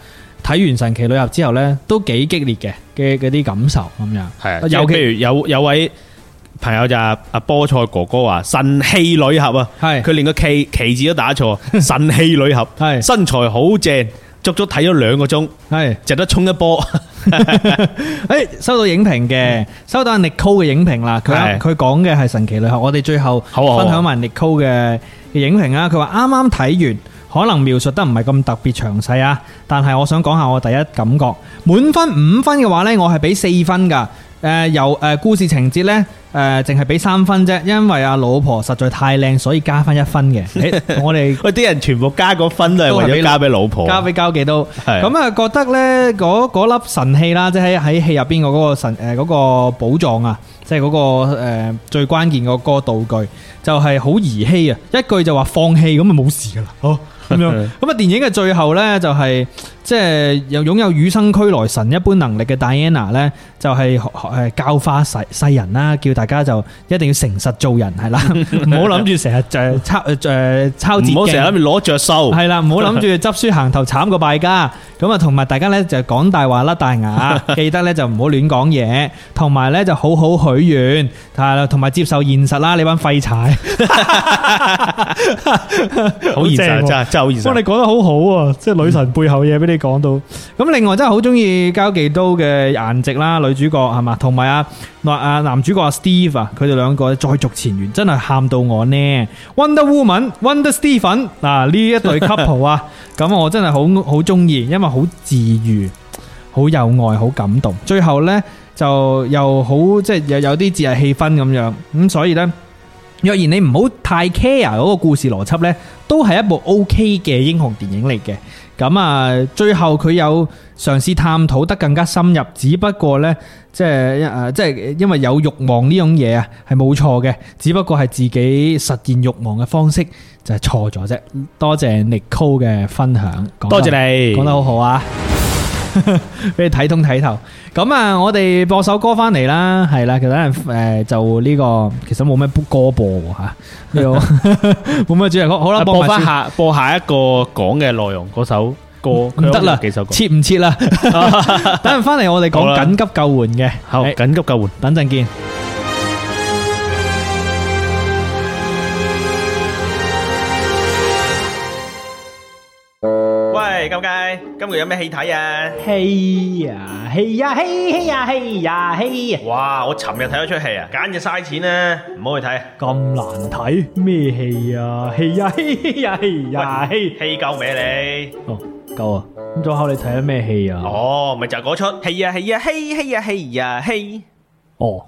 睇完神奇女俠之後呢，都幾激烈嘅、嘅啲感受咁樣。係的，有譬如有有位朋友就阿菠菜哥哥話神氣女俠啊，係佢的連個奇奇字都打錯，神氣女俠係的身材好正。足足睇咗兩個鐘，係值得衝一波。誒 收到影評嘅，收到 Nico 嘅影評啦。佢佢講嘅係神奇女俠。我哋最後分享埋 Nico 嘅影評啊。佢話啱啱睇完，可能描述得唔係咁特別詳細啊。但係我想講下我第一感覺，滿分五分嘅話呢，我係俾四分㗎。誒，由誒、呃呃、故事情節咧，誒淨係俾三分啫，因為阿老婆實在太靚，所以加翻一分嘅、 欸。我哋啲人全部加個分都係為咗加俾老婆，加俾交技都。咁啊的、嗯，覺得咧嗰粒神器啦，即係喺戲入邊嘅嗰個神誒、嗰個寶藏啊，即係嗰個誒、呃、最關鍵個個道具，就係好兒戲啊！一句就話放棄，咁啊冇事噶啦，好、哦。咁樣，咁啊電影嘅最後咧，就係即係又擁有與生俱來神一般能力嘅 Diana 咧，就係誒教化世世人啦，叫大家就一定要誠實做人，係啦， 唔好諗住成日就抄誒抄字，唔好成日諗住攞着數，係啦，唔好諗住執書行頭慘過敗家。咁啊，同埋大家咧就講大話甩大牙，記得咧就唔好亂講嘢，同埋咧就好好許願，係啦，同埋接受現實啦，你班廢柴，好現實真係。不過，你講得好好啊，即係女神背後嘢，俾你講到。咁另外真係好中意交技刀嘅顏值啦，女主角係嘛，同埋阿阿男主角阿 Steve 啊，佢哋兩個再續前緣，真係喊到我呢。Wonder Woman，Wonder Steve 啊，呢一對 couple 啊，咁我真係好好中意，因為好治癒，好有愛，好感動。最後咧就又好即係又有啲節日氣氛咁樣，咁所以咧。若然你唔好太 care 嗰個故事邏輯呢，都係一部 OK 嘅英雄電影嚟嘅。咁啊，最後佢有嘗試探討得更加深入，只不過呢，即係誒，即係因為有慾望呢種嘢啊，係冇錯嘅，只不過係自己實現慾望嘅方式就係錯咗啫。多謝 Nicole 嘅分享，講多謝你講得好好啊！俾你睇通睇透，咁啊，我哋播首歌翻嚟啦，係啦，等陣誒就呢個其實冇咩歌播吓，冇咩主題曲，好啦，播翻下播下一個講嘅內容嗰首歌，唔得啦，幾首歌切唔切啦？等陣翻嚟我哋講緊急救援嘅，好緊急救援，等陣見。今日有咩戲睇啊？戲啊，戲呀，戲呀，戲呀，戲！哇！我尋日睇咗出戲啊，簡直嘥錢啊，唔好去睇。咁難睇？咩戲啊？戲呀，戲呀，戲呀，戲！戲夠未你？哦，夠啊！咁最後你睇咗咩戲啊？哦，咪就嗰出。戲呀，戲呀，戲呀，戲呀，戲。哦。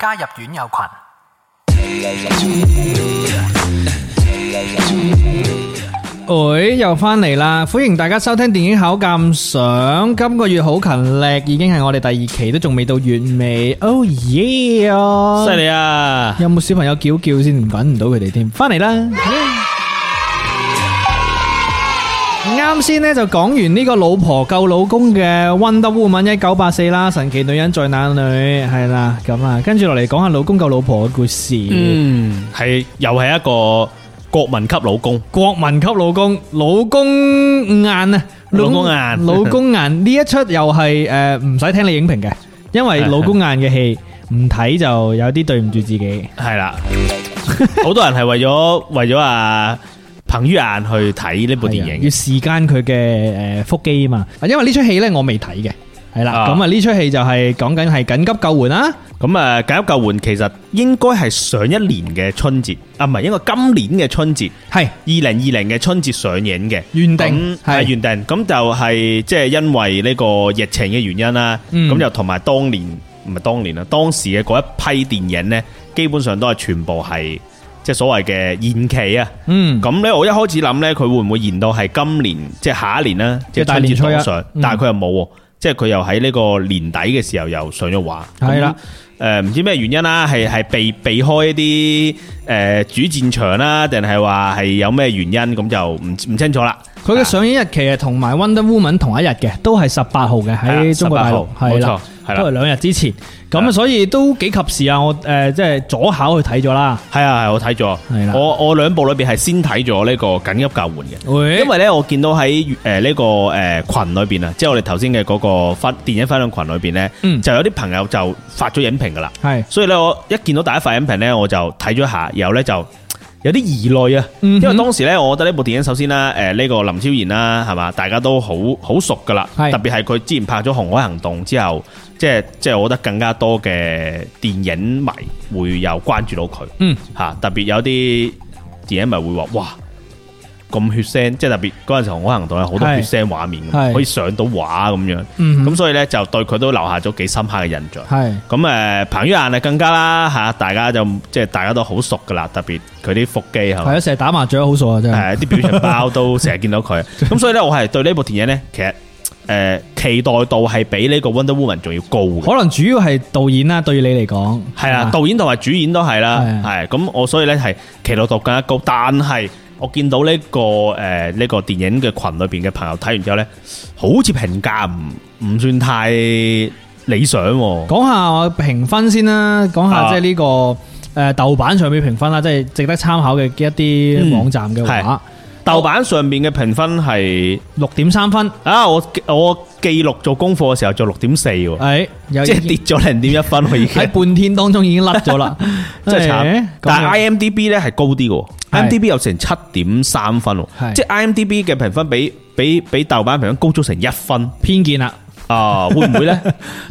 加入院友群。喂，又翻嚟啦！歡迎大家收聽電影考鑑賞。今個月好勤力，已經係我哋第二期都仲未到月尾。Oh yeah！犀利啊！有冇小朋友叫叫先？唔搵唔到佢哋添。翻嚟啦！啱先咧就講完呢個老婆救老公嘅《Wonder Woman》一九八四啦，神奇女人在哪裏係啦，咁啊，跟住落嚟講下老公救老婆嘅故事，嗯，係又係一個國民級老公，國民級老公，老公硬啊，老公硬，老公硬，呢一出又係誒唔使聽你影評嘅，因為老公硬嘅戲唔睇就有啲對唔住自己，係啦，好多人係為咗為咗啊。彭于晏去睇呢部電影，要時間佢嘅誒腹肌啊嘛，啊因為呢出戲呢，我未睇嘅，係啦，咁啊呢出戲就係講緊係緊急救援啦、啊啊，咁啊緊急救援其實應該係上一年嘅春節，啊唔係，應該今年嘅春節係二零二零嘅春節上映嘅原定係原定，咁那的就係即係因為呢個疫情嘅原因啦，咁、嗯、就同埋當年唔係當年啦，當時嘅嗰一批電影呢，基本上都係全部係。即係所謂嘅延期啊，咁咧、嗯、我一開始諗咧佢會唔會延到係今年即係下一年咧、嗯？即係春節上，但係佢又冇，即係佢又喺呢個年底嘅時候又上咗畫。係啦對了、嗯，誒唔知咩原因啦、啊，係係避避開一啲誒、呃、主戰場啦、啊，定係話係有咩原因咁就唔唔清楚啦。佢嘅上映日期係同埋《Wonder Woman》同一日嘅，都係十八號嘅喺中國大陸，係冇錯，係啦，都係兩日之前。咁啊，所以都幾及時啊！我誒，即係左考去睇咗啦。係啊，係我睇咗，係啦，我我兩部裏邊係先睇咗呢個緊急救援嘅，因為咧我見到喺誒呢個誒群裏邊啊，即係我哋頭先嘅嗰個翻電影分享群裏邊咧，嗯，就有啲朋友就發咗影評噶啦，係。所以咧，我一見到第一份影評咧，我就睇咗一下，然後咧就。有啲疑慮啊，因為當時呢，我覺得呢部電影首先啦，誒、嗯哼，呢、呃這個林超賢啦，係嘛，大家都好好熟噶啦，是特別係佢之前拍咗《紅海行動》之後，即係即係，就是、我覺得更加多嘅電影迷會又關注到佢，吓、嗯、特別有啲電影迷會話哇。咁血腥，即係特別嗰陣時候，《紅海行動》有好多血腥畫面，可以上到畫咁樣，咁所以咧就對佢都留下咗幾深刻嘅印象。係咁誒，彭于晏啊，更加啦吓，大家就即係大家都好熟噶啦，特別佢啲腹肌係啊，成日打麻雀好熟啊，真係。啲表情包都成日見到佢，咁所以咧，我係對呢部電影咧，其實誒期待度係比呢個《Wonder Woman》仲要高嘅。可能主要係導演啦，對你嚟講係啊，導演同埋主演都係啦，係咁我所以咧係期待度更加高，但係。我見到呢、呢個誒呢、呃呢個電影嘅群裏邊嘅朋友睇完之後呢，好似評價唔唔算太理想，啊。講下我評分先啦，講下即係呢個誒豆瓣上面評分啦，啊、即係值得參考嘅一啲網站嘅話、嗯，豆瓣上面嘅評分係六點三分啊！我我，記錄做功課嘅時候做六點四喎，即係跌咗零點一分，我已經喺半天當中已經甩咗啦，真係慘。但係 IMDB 咧係高啲嘅，IMDB 有成七點三分，即係 IMDB 嘅評分比比比豆瓣評分高咗成一分。偏見啦，啊，會唔會咧？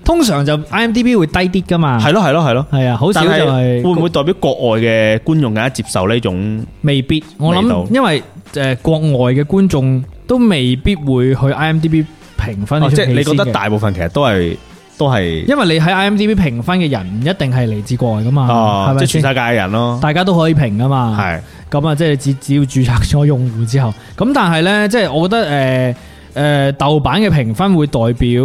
通常就 IMDB 會低啲㗎嘛，係咯係咯係咯，係啊，好少。就係會唔會代表國外嘅觀眾更加接受呢種？未必，我諗因為誒國外嘅觀眾都未必會去 IMDB 評分、哦、即係你覺得大部分其實都係都係是，因為你喺 IMDB 評分嘅人唔一定係嚟自國外噶嘛，哦、是是即係全世界嘅人咯，大家都可以評噶嘛。係咁啊，即係只只要注冊咗用戶之後，咁但係呢，即、就、係、是、我覺得誒誒、呃，豆瓣嘅評分會代表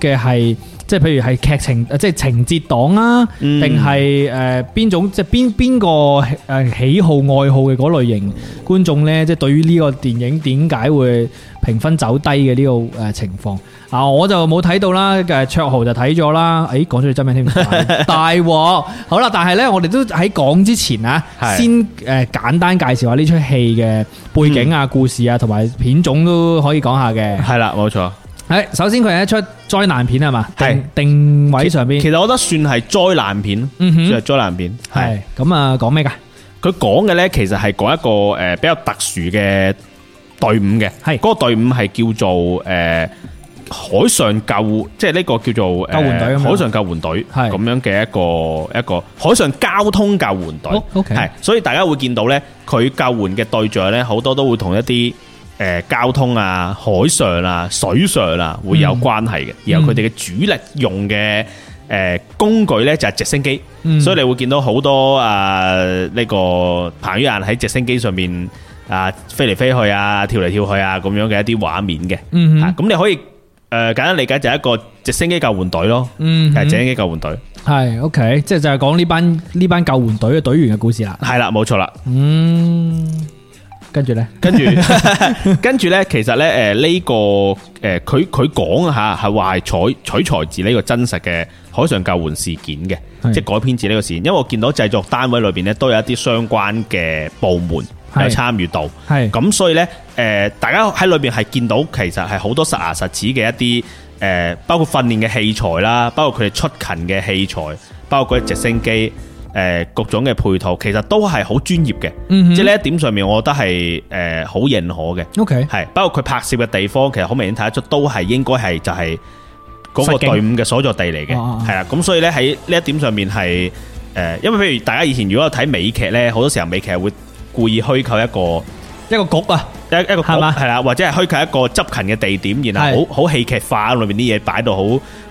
嘅係，即、就、係、是、譬如係劇情，即、就、係、是、情節黨啊，定係誒邊種，即係邊邊個誒喜好愛好嘅嗰類型觀眾呢？即、就、係、是、對於呢個電影點解會？評分走低嘅呢個誒情況啊，我就冇睇到啦。誒，卓豪就睇咗啦。誒，講出真名添， 大鑊。好啦，但係咧，我哋都喺講之前啊，的先誒簡單介紹下呢出戲嘅背景啊、嗯、故事啊，同埋片種都可以講下嘅。係啦，冇錯。係首先佢係一出災難片係嘛？係定，的定位上邊。其實我覺得算係災難片，嗯哼，算係災難片。係咁啊，講咩㗎？佢講嘅咧，其實係講一個誒比較特殊嘅。隊伍嘅，係嗰個隊伍係叫做誒海上救，即係呢個叫做救援隊啊，海上救援隊係咁樣嘅一個一個海上交通救援隊，係所以大家會見到咧，佢救援嘅對象咧好多都會同一啲誒交通啊、海上啊、水上啊會有關係嘅，然後佢哋嘅主力用嘅誒工具咧就係直升機，所以你會見到好多啊呢個彭于晏喺直升機上面。啊，飛嚟飛去啊，跳嚟跳去啊，咁樣嘅一啲畫面嘅，咁你可以誒簡單理解就係一個直升機救援隊咯，係直升機救援隊，係 OK，即係就係講呢班呢班救援隊嘅隊員嘅故事啦，係啦，冇錯啦，嗯，跟住呢，跟住跟住呢，其實呢，誒呢個誒佢佢講吓係話係採取材自呢個真實嘅海上救援事件嘅，即係改編自呢個事件，因為我見到製作單位裏邊呢都有一啲相關嘅部門。有參與到係咁，所以呢，誒、呃，大家喺裏邊係見到其實係好多實牙實齒嘅一啲誒、呃，包括訓練嘅器材啦，包括佢哋出勤嘅器材，包括，包括直升機誒、呃、各種嘅配套，其實都係好專業嘅。嗯、哼即係呢一點上面，我覺得係誒好認可嘅。O K 係，包括佢拍攝嘅地方，其實好明顯睇得出都係應該係就係嗰個隊伍嘅所在地嚟嘅。係啦，咁所以呢，喺呢一點上面係誒，因為譬如大家以前如果睇美劇呢，好多時候美劇會。故意虛構一個一個局啊，一一個係嘛係啦，或者係虛構一個執勤嘅地點，然後好好戲劇化，裏面啲嘢擺到好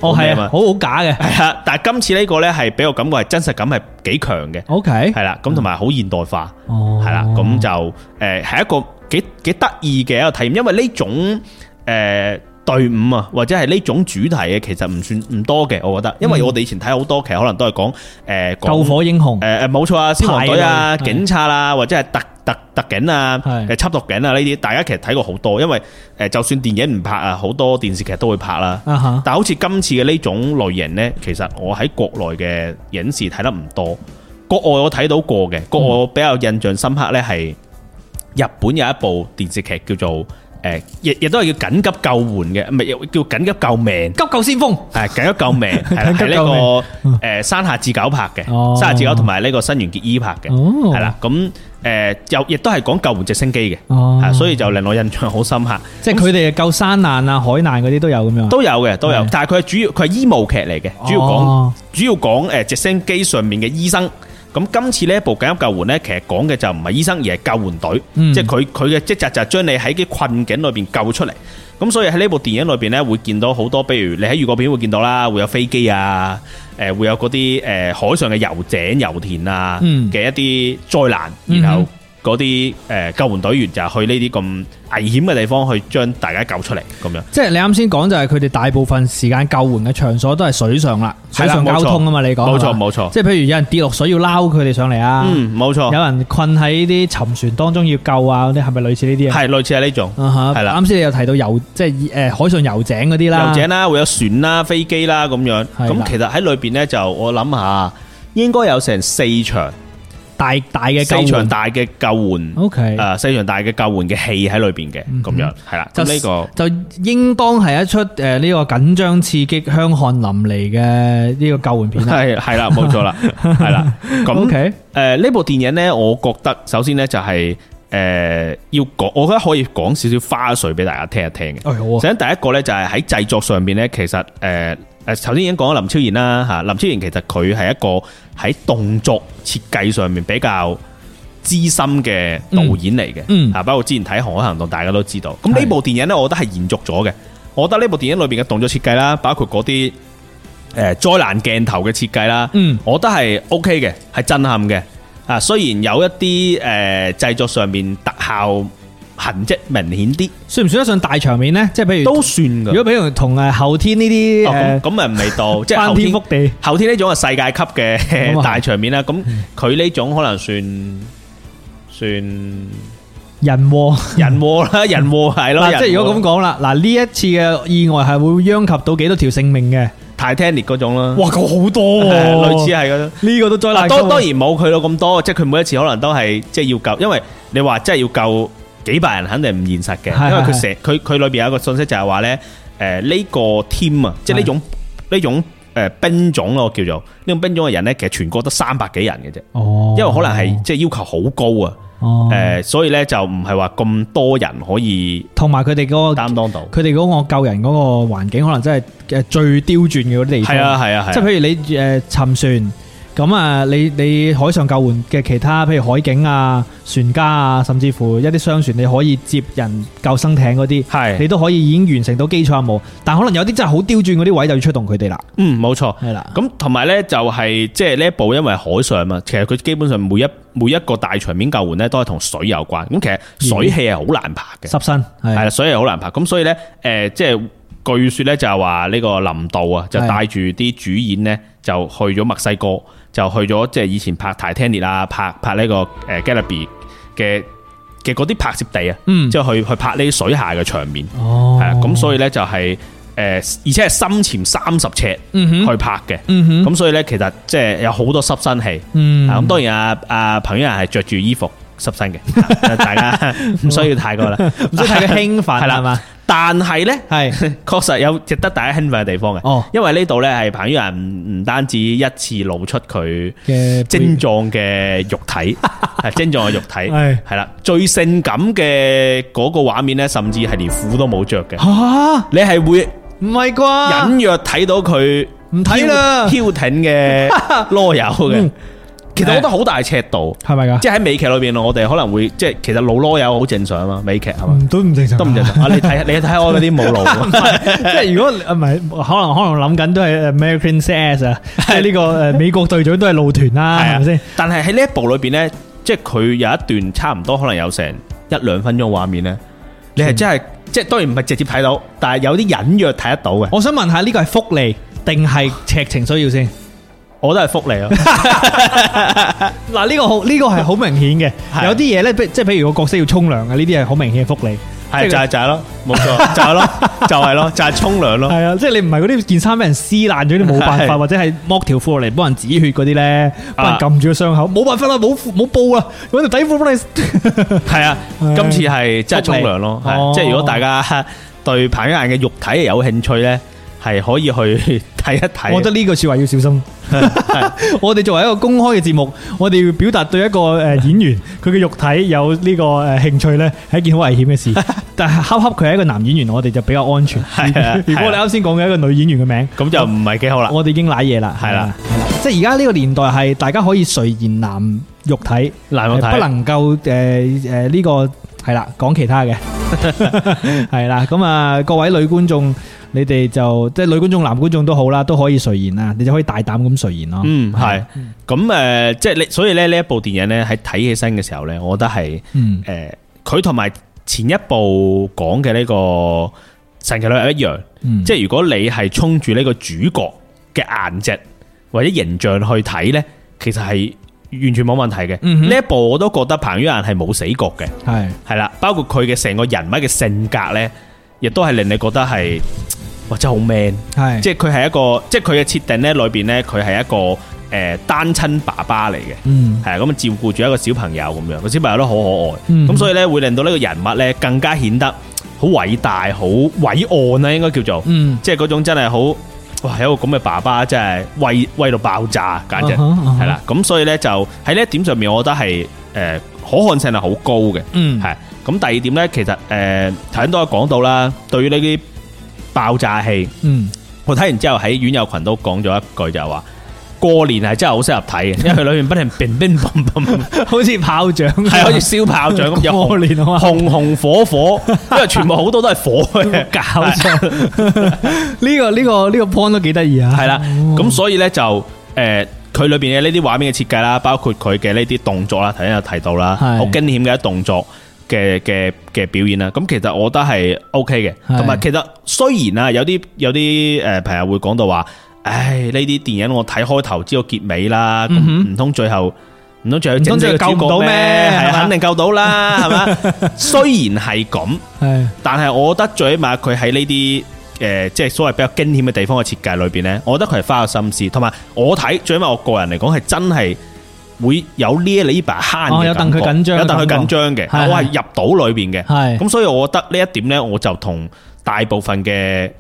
哦係啊，好好假嘅係啊，但係今次呢個呢係俾我感覺係真實感係幾強嘅，OK 係啦，咁同埋好現代化，係啦，咁就誒係一個幾幾得意嘅一個體驗，因為呢種誒，隊伍啊，或者係呢種主題嘅、啊，其實唔算唔多嘅，我覺得，因為我哋以前睇好多，其實可能都係講誒救火英雄，誒誒冇錯啊，消防隊啊，類警察啊，是的 或者係特特特警啊，誒緝是的 毒警啊呢啲，大家其實睇過好多，因為誒、呃、就算電影唔拍啊，好多電視劇都會拍啦，但好似今次嘅呢種類型呢，其實我喺國內嘅影視睇得唔多，國外我睇到過嘅，國外我比較印象深刻呢，係日本有一部電視劇叫做。誒，亦亦都係叫緊急救援嘅，唔係叫緊急救命，急救先鋒係緊急救命，係呢個誒山下智久拍嘅，山下智久同埋呢個新垣結衣拍嘅，係啦，咁誒又亦都係講救援直升機嘅，吓，所以就令我印象好深刻。即係佢哋救山難啊、海難嗰啲都有咁樣，都有嘅，都有。但係佢係主要，佢係醫務劇嚟嘅，主要講，主要講誒直升機上面嘅醫生。咁今次呢一部緊急救援呢，其實講嘅就唔係醫生，而係救援隊，即係佢佢嘅職責就係將你喺啲困境裏邊救出嚟。咁所以喺呢部電影裏邊呢，會見到好多，比如你喺預告片會見到啦，會有飛機啊，誒，會有嗰啲誒海上嘅油井、油田啊嘅一啲災難，然後，嗰啲誒救援隊員就去呢啲咁危險嘅地方去將大家救出嚟咁樣。即係你啱先講就係佢哋大部分時間救援嘅場所都係水上啦，水上交通啊嘛。你講冇錯冇錯，即係譬如有人跌落水要撈佢哋上嚟啊。嗯，冇錯。有人困喺啲沉船當中要救啊，嗰啲係咪類似呢啲啊？係類似係呢種。嚇、嗯哼，係啦的。啱先你又提到油，即係誒、呃、海上油井嗰啲啦。油井啦，會有船啦、飛機啦咁樣。咁的的其實喺裏邊呢，就我諗下應該有成四場。大大嘅場大嘅救援，OK，誒，四場大嘅救援嘅戲喺裏邊嘅，咁、嗯、哼樣係啦。咁呢就、這個就應當係一出誒呢個緊張刺激、香汗淋漓嘅呢個救援片啦、啊。係係啦，冇錯啦，係啦。咁誒呢部電影咧，我覺得首先咧就係、是、誒、呃、要講，我覺得可以講少少花絮俾大家聽一聽嘅。哎、呦首先第一個咧就係喺製作上邊咧，其實誒。呃呃誒，頭先已經講咗林超賢啦吓，林超賢其實佢係一個喺動作設計上面比較資深嘅導演嚟嘅，吓、嗯、包括之前睇《紅海行動》，大家都知道。咁呢、嗯、部電影呢，我覺得係延續咗嘅。是我覺得呢部電影裏邊嘅動作設計啦，包括嗰啲誒災難鏡頭嘅設計啦，嗯，我覺得係 O K 嘅，係震撼嘅。啊，雖然有一啲誒製作上面特效。痕迹明顯啲，算唔算得上大場面咧？即係比如都算噶。如果比如同誒後天呢啲誒，咁咪未到即係翻天覆地。後天呢種係世界級嘅大場面啦。咁佢呢種可能算算人禍，人禍啦，人禍係咯。即係如果咁講啦，嗱呢一次嘅意外係會殃及到幾多條性命嘅？Titanic 嗰種啦，哇，夠好多，類似係噶。呢個都災難。當當然冇佢到咁多，即係佢每一次可能都係即係要救，因為你話即係要救。幾百人肯定唔現實嘅，是是是因為佢成佢佢裏邊有一個信息就係話咧，誒、呃、呢、這個 team 啊，是是即係呢種呢種誒兵種咯，我叫做呢種兵種嘅人咧，其實全國得三百幾人嘅啫。哦，因為可能係即係要求好高啊。哦、呃，誒所以咧就唔係話咁多人可以、那個，同埋佢哋嗰個擔當到，佢哋嗰個救人嗰個環境可能真係嘅最刁鑽嘅嗰啲地方。係啊係啊係，即係譬如你誒、呃、沉船。咁啊，你你海上救援嘅其他，譬如海警啊、船家啊，甚至乎一啲商船，你可以接人救生艇嗰啲，係是的 你都可以已經完成到基礎任務，但可能有啲真係好刁鑽嗰啲位，就要出動佢哋啦。嗯，冇錯，係啦的。咁同埋呢，就係即係呢一部，因為海上啊，其實佢基本上每一每一個大場面救援呢都係同水有關，咁其實水氣係好難排嘅，濕、嗯、身係啦，水係好難排。咁所以呢，誒、呃，即、就、係、是、據說呢，就係話呢個林導啊，就帶住啲主演呢，就去咗墨西哥。就去咗即係以前拍, Titanic, 拍《泰坦尼克》啊，拍拍呢個誒《加勒比》嘅嘅嗰啲拍攝地啊，嗯，即係去去拍呢啲水下嘅場面，哦，係啊，咁所以咧就係誒，而且係深潛三十尺，去拍嘅，嗯哼，咁所以咧其實即係有好多濕身戲，嗯，咁當然啊啊，彭于晏係着住衣服濕身嘅，大家唔需要太過啦，唔 需要太過興奮，係啦嘛。但係呢，係確是實有值得大家興奮嘅地方嘅。哦，因為呢度呢，係彭于晏唔唔單止一次露出佢嘅精壯嘅肉體背，係、嗯、 精壯嘅肉體 是，係啦，最性感嘅嗰個畫面呢，甚至係連褲都冇着嘅，啊，你係會唔係啩？隱約睇到佢唔睇啦，飄挺嘅囉柚嘅。 嗯其實我覺得好大尺度，係咪噶？即係喺美劇裏邊咯，我哋可能會即係，其實露囉柚好正常啊嘛，美劇係嘛？都唔正常，都唔正常啊！你睇，你睇我嗰啲冇腦，即係如果啊，唔係可能，可能諗緊都係 American series 啊，即係呢個誒美國隊長都係露團啦，係咪先？但係喺呢一部裏邊咧，即係佢有一段差唔多可能有成一兩分鐘畫面咧，你係真係即係當然唔係直接睇到，但係有啲隱約睇得到嘅。我想問下，呢個係福利定係劇情需要先？我都係福利咯 、這個，嗱、這、呢個好呢個係好明顯嘅，是啊、有啲嘢咧，即係譬如個角色要沖涼嘅，呢啲係好明顯嘅福利，係就係就係咯，冇錯就係咯，就係、是、咯， 就係沖涼咯，係、就是就是、啊，即、就、係、是、你唔係嗰啲件衫俾人撕爛咗，你冇辦法或者係剝條褲嚟幫人止血嗰啲咧，幫是、啊、人撳住個傷口冇辦法啦，冇冇布啊，搵條底褲幫你，係 啊，今次係真即係沖涼咯，即係如果大家對彭于晏嘅肉體係有興趣咧。係可以去睇一睇，我覺得呢個說話要小心。我哋作為一個公開嘅節目，我哋要表達對一個誒演員佢嘅肉體有呢個誒興趣呢，係一件好危險嘅事。但係恰恰佢係一個男演員，我哋就比較安全。係啊，如果你啱先講嘅一個女演員嘅名，咁就唔係幾好啦。我哋已經瀨嘢啦，係啦，即係而家呢個年代係大家可以垂涎男肉體，男肉體不能夠誒誒呢個係啦，講其他嘅係啦。咁啊，各位女觀眾。你哋就即係女觀眾、男觀眾都好啦，都可以垂涎啦，你就可以大膽咁垂涎咯。嗯，係。咁誒、呃，即係你，所以咧呢一部電影咧，喺睇起身嘅時候咧，我覺得係，誒、嗯，佢同埋前一部講嘅呢個神奇女俠一樣，嗯、即係如果你係衝住呢個主角嘅顏值或者形象去睇咧，其實係完全冇問題嘅。呢、嗯、哼一部我都覺得彭于晏係冇死角嘅，係係啦，包括佢嘅成個人物嘅性格咧，亦都係令你覺得係。哇！真係好 man，係，即係佢係一個，即係佢嘅設定咧，裏邊咧佢係一個誒單親爸爸嚟嘅。嗯，係咁啊，照顧住一個小朋友咁樣，個小朋友都好可愛，咁所以咧會令到呢個人物咧更加顯得好偉大、好偉岸啦，應該叫做，嗯，即係嗰種真係好，哇，係一個咁嘅爸爸，真係威威到爆炸，簡直係啦，咁所以咧就喺呢一點上面，我覺得係誒可看性係好高嘅，嗯，係，咁第二點咧，其實誒頭先都有講到啦，對於呢啲。爆炸戲。嗯，我睇完之後喺院友群都講咗一句就係話，過年係真係好適合睇嘅，因為佢裏面不停乒乒乓乓，好似炮仗，係好似燒炮仗咁，又過年紅紅火火，因為全部好多都係火嘅搞錯。呢個呢個呢個 point 都幾得意啊，係啦，咁所以呢，就誒，佢裏邊嘅呢啲畫面嘅設計啦，包括佢嘅呢啲動作啦，頭先有提到啦，好驚險嘅一動作。嘅嘅嘅表演啦，咁其實我覺得係 O K 嘅，同埋是其實雖然啊，有啲有啲誒朋友會講到話，唉呢啲電影我睇開頭知個結尾啦，唔通、嗯、哼最後唔通最後真係救唔到咩？係麼肯定救到啦，係嘛？ 雖然係咁，係，但係我覺得最起碼佢喺呢啲誒，即係所謂比較驚險嘅地方嘅設計裏邊咧，我覺得佢係花個心思，同埋我睇最起碼我個人嚟講係真係。會有呢一禮拜慳嘅感覺，哦、有戥佢緊張嘅，的我係入到裏邊嘅，咁的所以我覺得呢一點呢，我就同大部分嘅誒、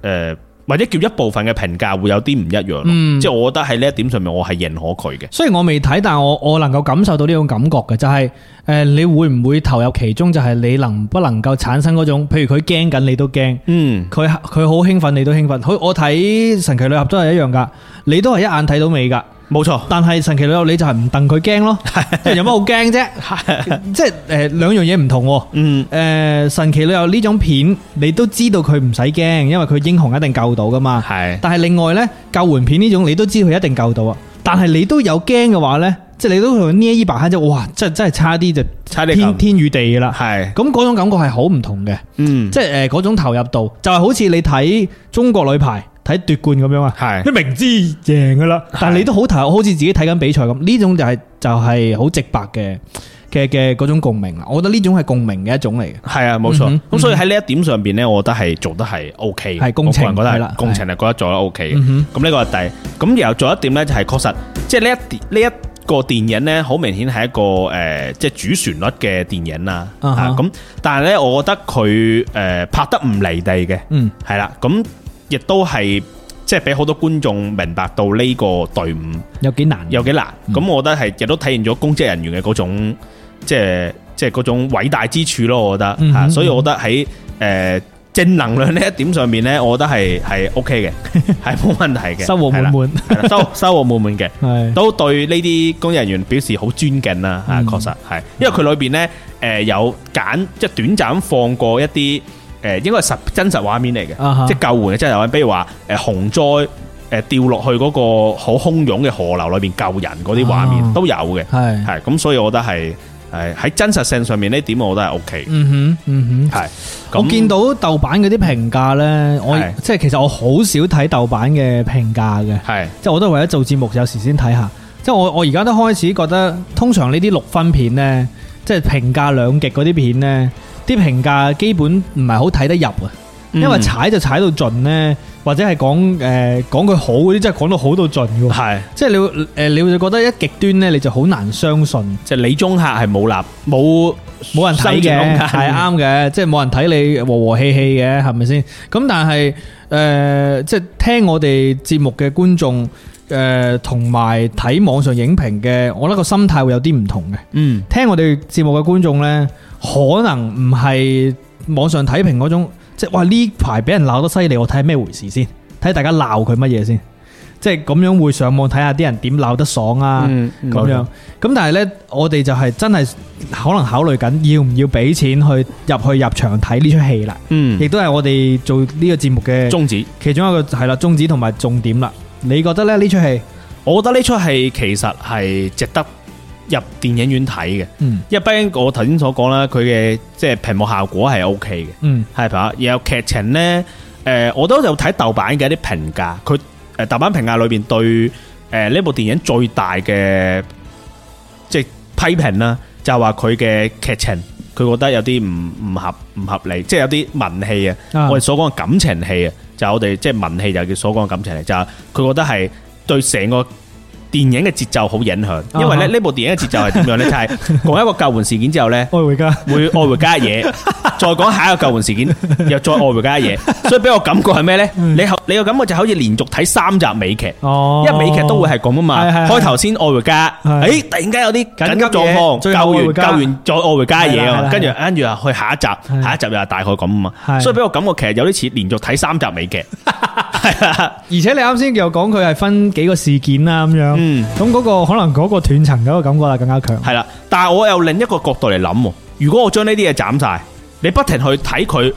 呃、或者叫一部分嘅評價會有啲唔一樣，嗯、即係我覺得喺呢一點上面，我係認可佢嘅。雖然我未睇，但我我能夠感受到呢種感覺嘅，就係、是、誒你會唔會投入其中？就係你能不能夠產生嗰種，譬如佢驚緊，你都驚，嗯，佢佢好興奮，你都興奮。佢我睇神奇女俠都係一樣噶，你都係一眼睇到尾噶。冇錯，沒錯，但係神奇女俠你就係唔戥佢驚咯 有，有乜好驚啫？即係誒，兩樣嘢唔同。嗯，誒、呃，神奇女俠呢種片你都知道佢唔使驚，因為佢英雄一定救到噶嘛。係，是 但係另外呢，救援片呢種你都知佢一定救到啊。但係你都有驚嘅話呢，即係你都同佢捏一把汗啫。哇！真真係差啲就天差天與地啦。係，咁嗰種感覺係好唔同嘅。嗯，即係嗰種投入度就係、是、好似你睇中國女排。睇奪冠咁樣啊，即係明知贏噶啦，但係你都好睇，好似自己睇緊比賽咁。呢種就係就係好直白嘅嘅嘅嗰種共鳴啦。我覺得呢種係共鳴嘅一種嚟嘅。係啊，冇錯。咁所以喺呢一點上邊咧，我覺得係做得係 O K。係共情，係啦，共情係覺得做得 O K。咁呢個係第，咁又做一點咧，就係確實，即係呢一呢一個電影咧，好明顯係一個誒，即係主旋律嘅電影啦。啊，咁但係咧，我覺得佢誒拍得唔離地嘅，嗯，係啦，咁。亦都係即係俾好多觀眾明白到呢個隊伍有幾難，有幾難。咁我覺得係亦都體現咗公職人員嘅嗰種即係即係嗰種偉大之處咯。我覺得吓，所以我覺得喺誒正能量呢一點上面呢，我覺得係係 O K 嘅，係冇問題嘅，收穫滿滿，收收穫滿滿嘅，都對呢啲公職人員表示好尊敬啦。吓，確實係，因為佢裏邊呢，誒有揀即係短暫放過一啲。誒，應該係實真實畫面嚟嘅，啊、哈即係救援嘅真實畫面。比如話誒洪災誒掉落去嗰個好洶湧嘅河流裏邊救人嗰啲畫面，啊，都有嘅，係係咁，所以我覺得係誒喺真實性上面呢點我覺得係 OK，嗯哼，嗯哼，係。我見到豆瓣嗰啲評價呢，是我即係其實我好少睇豆瓣嘅評價嘅，係即係我都係為咗做節目有時先睇下，即係是我我而家都開始覺得通常呢啲六分片呢，即係評價兩極嗰啲片呢。是啲評價基本唔係好睇得入啊，因為踩就踩到盡呢，或者係講誒講佢好嗰啲，真係講到好到盡嘅喎。係，即係你誒，你會覺得一極端呢，你就好難相信。即係李宗赫係冇立冇冇人睇嘅，係啱嘅，即係冇人睇你和和氣氣嘅，係咪先？咁但係誒，即係聽我哋節目嘅觀眾。誒，同埋睇網上影評嘅，我覺得個心態會有啲唔同嘅。嗯，聽我哋節目嘅觀眾呢，可能唔係網上睇評嗰種，即係哇呢排俾人鬧得犀利，我睇咩回事先？睇大家鬧佢乜嘢先？即係咁樣會上網睇下啲人點鬧得爽啊？咁、嗯、樣咁，但係呢，我哋就係真係可能考慮緊要唔要俾錢去入去入場睇呢出戲啦。嗯，亦都係我哋做呢個節目嘅宗旨，其中一個係啦旨、嗯，宗旨同埋重點啦。你覺得咧呢齣戲？戲我覺得呢齣戲其實係值得入電影院睇嘅。嗯，因為畢竟我頭先所講啦，佢嘅即係屏幕效果係 O K 嘅。嗯，係啊。然後劇情呢，誒、呃，我都有睇豆瓣嘅一啲評價，佢誒，豆瓣評價裏邊對誒呢、呃、部電影最大嘅即係批評啦、啊，就係話佢嘅劇情，佢覺得有啲唔唔合唔合理，即係有啲文戲啊，嗯、我哋所講嘅感情戲啊。就我哋即係文戲，就叫所講嘅感情嚟，就佢覺得係對成個電影嘅節奏好影響，因為咧呢部電影嘅節奏係點樣咧？就係講一個救援事件之後咧，愛回家，會愛回家嘢，再講下一個救援事件，又再愛回家嘢，所以俾我感覺係咩咧？你你個感覺就好似連續睇三集美劇哦，因為美劇都會係咁啊嘛，開頭先愛回家，誒突然間有啲緊急狀況，救完救完再愛回家嘢，跟住跟住又去下一集，下一集又係大概咁啊嘛，所以俾我感覺其實有啲似連續睇三集美劇，係啊，而且你啱先又講佢係分幾個事件啦咁樣。嗯，咁嗰、嗰個可能嗰個斷層嗰個感覺啊，更加強係啦。但係我又另一個角度嚟諗，如果我將呢啲嘢斬晒，你不停去睇佢。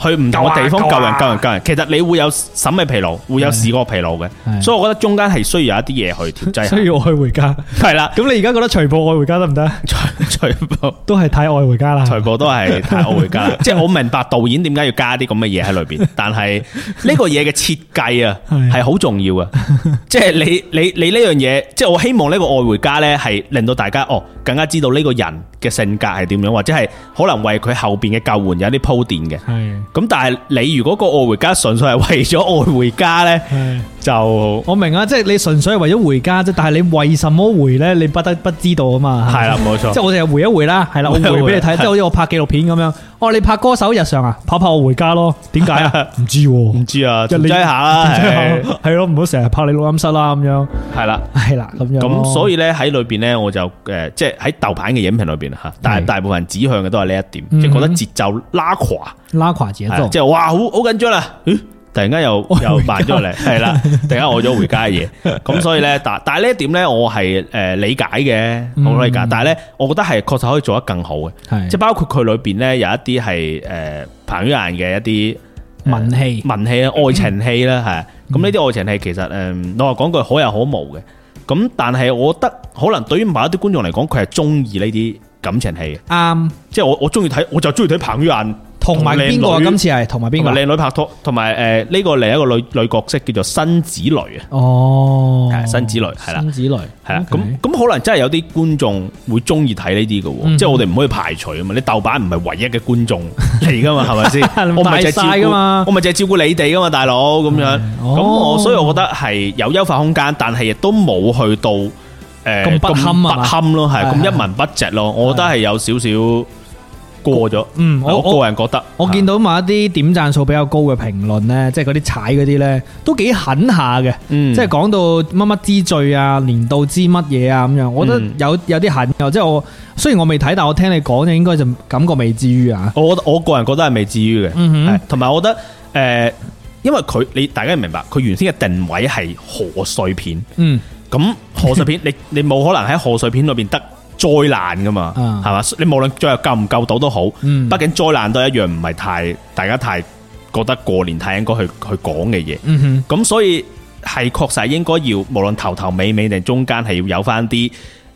去唔同嘅地方救人、救人、救人，其實你會有審美疲勞，會有視覺疲勞嘅，所以我覺得中間係需要有一啲嘢去調劑。需要愛回家係啦，咁你而家覺得徐步愛回家得唔得？徐徐步都係睇愛回家啦。徐步都係睇愛回家，即係我明白導演點解要加啲咁嘅嘢喺裏邊，但係呢個嘢嘅設計啊係好重要嘅，即係你你你呢樣嘢，即係我希望呢個愛回家咧係令到大家哦更加知道呢個人嘅性格係點樣，或者係可能為佢後邊嘅救援有啲鋪墊嘅，咁但係你如果個愛回家純粹係為咗愛回家咧？ 就我明啊，即係你純粹係為咗回家啫，但係你為什麼回咧？你不得不知道啊嘛。係啦，冇錯。即係我哋係回一回啦，係啦，我回俾你睇，即係好似我拍紀錄片咁樣。哦，你拍歌手日常啊，跑跑我回家咯？點解啊？唔知，唔知啊？研究一下啦，係咯，唔好成日拍你錄音室啦，咁樣。係啦，係啦，咁樣。咁所以咧，喺裏邊咧，我就誒，即係喺豆瓣嘅影評裏邊吓，但係大部分指向嘅都係呢一點，即係覺得節奏拉垮，拉垮節奏，即係哇，好好緊張啊。突然間又又慢咗嚟，係啦，突然間我咗回家嘅嘢。咁所以咧，但但係呢一點咧，我係誒理解嘅，我理解。但係咧，我覺得係確實可以做得更好嘅，係，即係包括佢裡邊咧有一啲係誒彭于晏嘅一啲文戲、文戲啊、愛情戲啦，係咁呢啲愛情戲其實誒，我話講句可有可無嘅。咁但係我覺得可能對於某一啲觀眾嚟講，佢係中意呢啲感情戲啱，即係我我中意睇，我就中意睇彭于晏。同埋邊個今次係同埋邊個？靚女拍拖，同埋誒呢個另一個女女角色叫做辛芷蕾啊！哦，係辛芷蕾，係啦，辛芷蕾係啦。咁咁可能真係有啲觀眾會中意睇呢啲嘅，即係我哋唔可以排除啊嘛！你豆瓣唔係唯一嘅觀眾嚟噶嘛？係咪先？我唔係大晒噶嘛，我咪就係照顧你哋噶嘛，大佬咁樣。咁我所以我覺得係有優化空間，但係亦都冇去到誒咁不堪咯，係咁一文不值咯。我覺得係有少少。過咗，嗯，我，我個人覺得，我見到某一啲點讚數比較高嘅評論呢，啊、即係嗰啲踩嗰啲呢，都幾狠下嘅，嗯，即係講到乜乜之罪啊，年度之乜嘢啊咁樣，我覺得有、嗯、有啲狠有，又即係我雖然我未睇，但我聽你講你應該就感覺未至於啊，我我個人覺得係未至於嘅，同埋、嗯、哼我覺得，誒、呃，因為佢你大家明白，佢原先嘅定位係賀歲片，嗯，咁賀歲片，你 你冇可能喺賀歲片裏邊得。災難噶嘛，係嘛？你無論最後救唔救到都好，畢竟災難都係一樣，唔係太大家太覺得過年太應該去去講嘅嘢。咁所以係確實應該要，無論頭頭尾尾定中間，係要有翻啲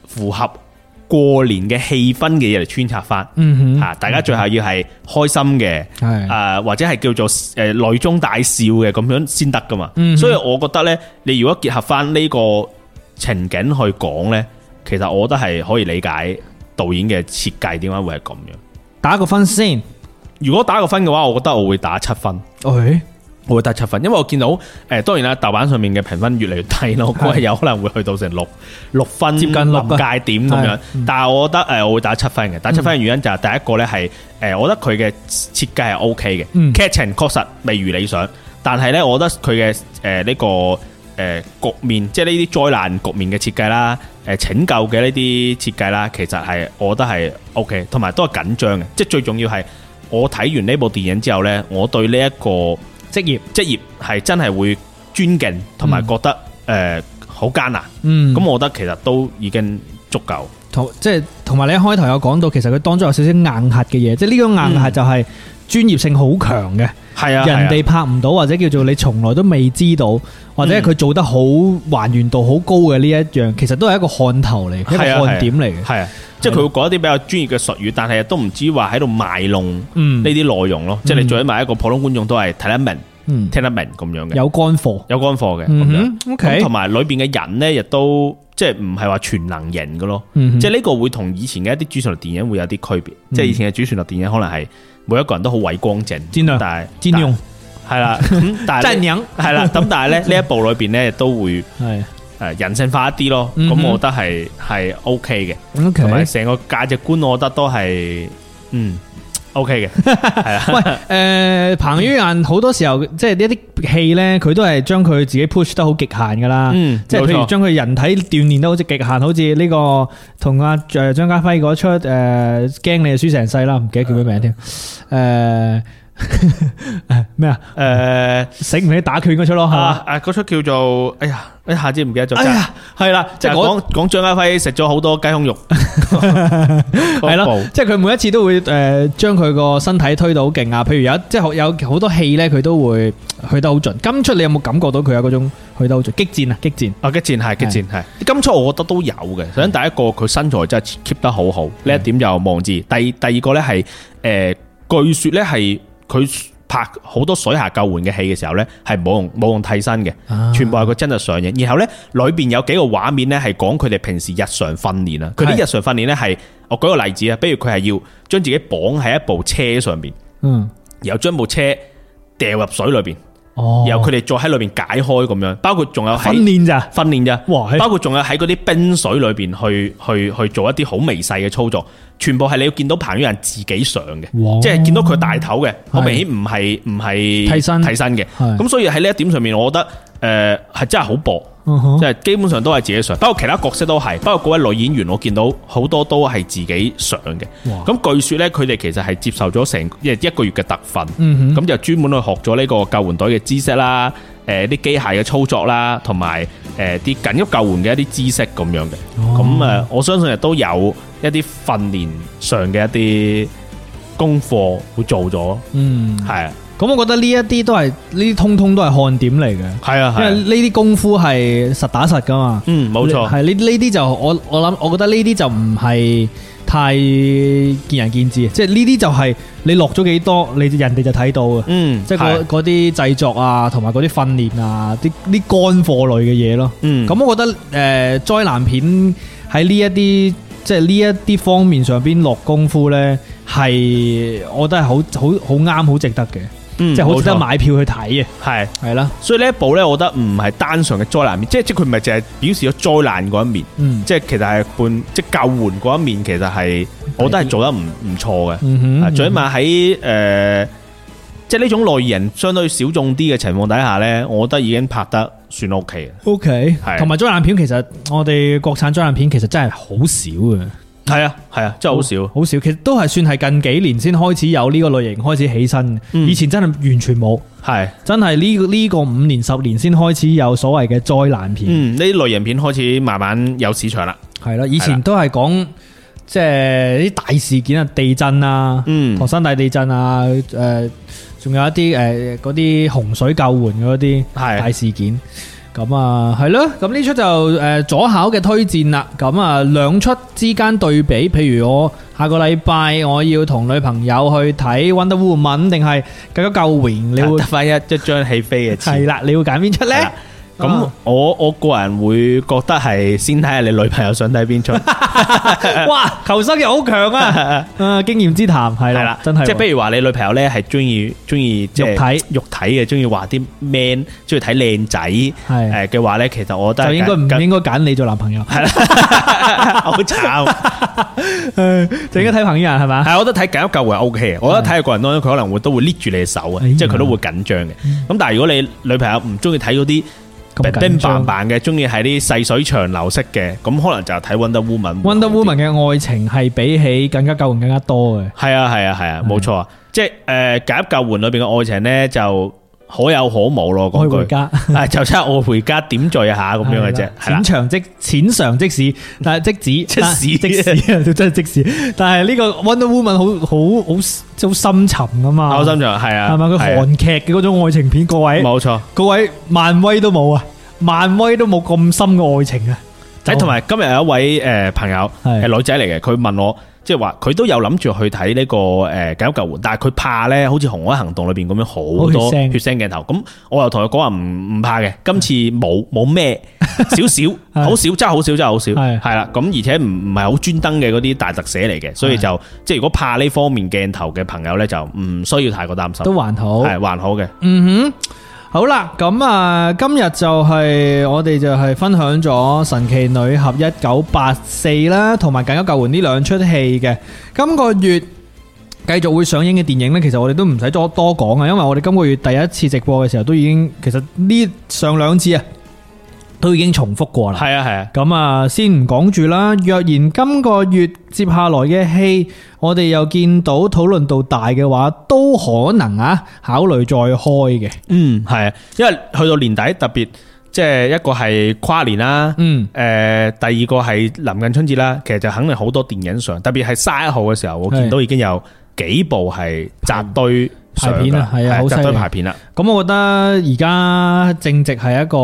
符合過年嘅氣氛嘅嘢嚟穿插翻。吓，大家最後要係開心嘅，誒或者係叫做誒淚中大笑嘅咁樣先得噶嘛。所以我覺得呢，你如果結合翻呢個情景去講呢。其實我覺得係可以理解導演嘅設計點解會係咁樣。打個分先，如果打個分嘅話，我覺得我會打七分。我會打七分，因為我見到誒、呃，當然啦，豆瓣上面嘅評分越嚟越低咯，估係是的 有可能會去到成六六分，接近臨界點咁樣。嗯、但係我覺得誒、呃，我會打七分嘅。打七分嘅原因就係第一個呢係誒，嗯、我覺得佢嘅設計係 O K 嘅。劇情確實未如理想，但係呢，我覺得佢嘅誒呢個誒、呃呃、局面，即係呢啲災難局面嘅設計啦。誒，拯救嘅呢啲設計啦，其實係，我覺得係 OK，同埋都係緊張嘅，即係最重要係，我睇完呢部電影之後呢，我對呢一個職業職業係真係會尊敬，同埋覺得誒好艱難，嗯，咁我覺得其實都已經足夠，嗯，同即係同埋你一開頭有講到，其實佢當中有少少硬核嘅嘢，即係呢個硬核就係，是。嗯嗯專業性好強嘅，係啊，人哋拍唔到、啊、或者叫做你從來都未知道，嗯、或者佢做得好還原度好高嘅呢一樣，其實都係一個看頭嚟，啊、一個看點嚟嘅，係啊，即係佢會講一啲比較專業嘅術語，但係都唔至於話喺度賣弄呢啲內容咯，嗯、即係你做起埋一個普通觀眾都係睇得明。嗯嗯聽得明咁樣嘅，有乾貨，有乾貨嘅咁樣。O K，同埋裏邊嘅人咧，亦都即係唔係話全能型嘅咯。即係呢個會同以前嘅一啲主旋律電影會有啲區別。即係以前嘅主旋律電影可能係每一個人都好偉光正，但係濫用係啦。咁但係真係係啦。咁但係咧呢一部裏邊咧亦都會係誒人性化一啲咯。咁我覺得係係 O K 嘅，同埋成個價值觀，我覺得都係嗯。O K 嘅，係啊、okay， 喂，誒、呃，彭于晏好多時候即係呢一啲戲咧，佢 都係將佢自己 push 得好極限噶啦，嗯，即係譬如將佢人體鍛煉得好似極限，好似呢個同阿誒張家輝嗰出誒驚、呃、你輸成世啦，唔記得叫咩名添，誒、嗯。呃咩啊？誒，醒唔起打拳嗰出咯吓？誒，嗰出叫做，哎呀，一下子唔記得咗。哎呀，係啦，即係講講張家輝食咗好多雞胸肉，係咯，即係佢每一次都會誒，將佢個身體推到好勁啊。譬如有即係有好多戲咧，佢都會去得好盡。今出你有冇感覺到佢有嗰種去得好盡？激戰啊，激戰，哦，激戰係激戰係。今出我覺得都有嘅。首先第一個，佢身材真係 keep 得好好，呢一點就望住。第第二個咧係誒，據說咧係。佢拍好多水下救援嘅戲嘅時候呢，係冇用冇用替身嘅，全部係佢真實上映。然後呢，裏邊有幾個畫面呢，係講佢哋平時日常訓練啦。佢啲日常訓練呢，係，我舉個例子啊，比如佢係要將自己綁喺一部車上邊，嗯，然後將部車掉入水裏邊。哦，然後佢哋再喺裏邊解開咁樣，包括仲有訓練咋，訓練咋，哇包括仲有喺嗰啲冰水裏邊去去去做一啲好微細嘅操作，全部係你要見到彭于晏自己上嘅，哇即係見到佢大頭嘅，好是明顯唔係唔係替身替身嘅，咁是所以喺呢一點上面，我覺得誒係、呃、真係好薄。即係基本上都係自己上，包括其他角色都係，包括嗰位女演員我見到好多都係自己上嘅。咁哇據說呢，佢哋其實係接受咗成即一個月嘅特訓，咁、嗯、哼就專門去學咗呢個救援隊嘅知識啦，誒、呃，啲機械嘅操作啦，同埋誒啲緊急救援嘅一啲知識咁樣嘅。咁誒、哦，我相信亦都有一啲訓練上嘅一啲功課會做咗。嗯，係。咁我覺得呢一啲都係呢啲通通都係看點嚟嘅。係啊，啊因為呢啲功夫係實打實噶嘛，嗯，冇錯，係呢呢啲就我我諗，我覺得呢啲就唔係太見仁見智，即係呢啲就係、是、你落咗幾多，你人哋就睇到、嗯、啊，嗯，即係嗰啲製作啊，同埋嗰啲訓練啊，啲啲乾貨類嘅嘢咯，嗯，咁我覺得誒災、呃、難片喺呢一啲即係呢一啲方面上邊落功夫咧，係我覺得係好好好啱好值得嘅。嗯、即係好值得買票去睇嘅，係係啦，所以呢一部咧，我覺得唔係單純嘅災難片，即即佢唔係淨係表示咗災難嗰一面，嗯、即係其實係半即救援嗰一面，其實係我覺得係做得唔唔錯嘅，最起碼喺誒，即係呢種類型，相對小眾啲嘅情況底下咧，我覺得已經拍得算 OK，OK，係同埋災難片，其實我哋國產災難片其實真係好少嘅。係啊，係啊，真係好少，好少，其實都係算係近幾年先開始有呢個類型開始起身、嗯、以前真係完全冇，係是真係呢呢個五、這個、年十年先開始有所謂嘅災難片，嗯，呢類型片開始慢慢有市場啦，係咯、啊，以前都係講即係啲大事件啊，地震啊，唐山、嗯、大地震啊，誒、呃，仲有一啲誒嗰啲洪水救援嗰啲係大事件。咁啊，係咯，咁呢出就誒、呃、左考嘅推薦啦。咁啊，兩出之間對比，譬如我下個禮拜我要同女朋友去睇《Wonder Woman》定係《緊急救援》，你會發一一張戲飛嘅？係啦， 你會揀邊出呢？咁我我個人會覺得係先睇下你女朋友想睇邊出，哇，求生欲好強啊！經驗之談係啦，真係，即係譬如話你女朋友咧係中意中意即睇肉體嘅，中意話啲 man，中意睇靚仔嘅話咧，其實我覺得應該唔應該揀你做男朋友係啦，好慘，誒，就應該睇朋友係嘛，係，我覺得睇緊急救援會 O K 我覺得睇嘅過程當中，佢可能會都會捏住你手啊，即係佢都會緊張嘅。咁但係如果你女朋友唔中意睇嗰啲。冰冰扮嘅，中意喺啲細水長流式嘅，咁可能就睇《Wonder Woman》。《Wonder Woman》嘅愛情係比起緊急救援更加多嘅。係啊係啊係啊，冇錯啊！啊啊錯的即係誒，緊急、呃、救援裏邊嘅愛情咧就。可有可冇咯，講句，就差我回家點綴一下咁樣嘅啫。淺嘗即淺嘗即止，但係即止，即止，即止。真係即止。但係呢個《Wonder Woman》好好好，好深沉噶嘛，好深層係啊，係咪佢韓劇嘅嗰種愛情片？各位冇錯，各位漫威都冇啊，漫威都冇咁深嘅愛情啊。仔同埋今日有一位誒朋友係女仔嚟嘅，佢問我。即係話佢都有諗住去睇呢個誒緊急救援，但係佢怕呢，好似《紅海行動》裏邊咁樣好多血腥鏡頭。咁我又同佢講話唔唔怕嘅，今次冇冇咩少少，好少，真係好少，真係好少，係啦的。咁而且唔唔係好專登嘅嗰啲大特寫嚟嘅，所以就的即係如果怕呢方面鏡頭嘅朋友呢，就唔需要太過擔心。都還好，係還好嘅。嗯哼。好啦，咁啊，今日就係我哋就係分享咗神奇女俠一九八四啦，同埋緊急救援呢兩出戲嘅。今個月繼續會上映嘅電影呢，其實我哋都唔使多多講啊，因為我哋今個月第一次直播嘅時候都已經，其實呢上兩次啊。都已經重複過啦，係啊係啊，咁啊先唔講住啦。若然今個月接下來嘅戲，我哋又見到討論度大嘅話，都可能啊考慮再開嘅。嗯，係啊，因為去到年底，特別即係一個係跨年啦，嗯，誒、呃，第二個係臨近春節啦，其實就肯定好多電影上，特別係卅一號嘅時候，的我見到已經有幾部係紮堆。排片啊，係啊的，好犀利！排的片啦，咁我覺得而家正值係一個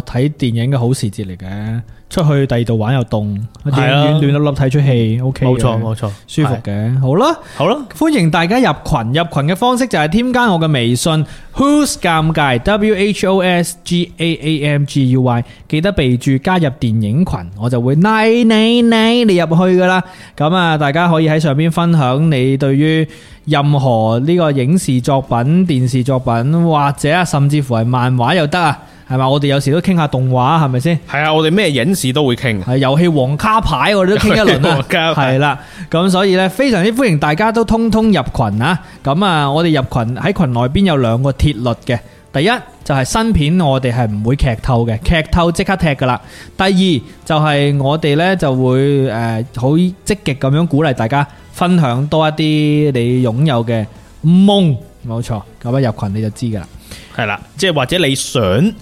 睇電影嘅好時節嚟嘅。出去第二度玩又凍，啦電影院暖笠笠睇出戲錯，OK，冇錯冇錯，錯舒服嘅，好啦好啦，歡迎大家入群，入群嘅方式就係添加我嘅微信，Who’s 尷尬，W H O S G A A M G U Y，記得備註加入電影群，我就會拉你你你入去噶啦咁啊，大家可以喺上邊分享你對於任何呢個影視作品、電視作品或者甚至乎係漫畫又得啊。係嘛？我哋有時都傾下動畫，係咪先？係啊，我哋咩影視都會傾。係遊戲王卡牌，我哋都傾一輪啦。係啦，咁所以呢，非常之歡迎大家都通通入群啊！咁啊，我哋入群喺群內邊有兩個鐵律嘅。第一就係新片我哋係唔會劇透嘅，劇透即刻踢噶啦。第二就係我哋呢，就會誒好積極咁樣鼓勵大家分享多一啲你擁有嘅夢。冇錯，咁啊入群你就知噶啦。係啦，即係或者你想。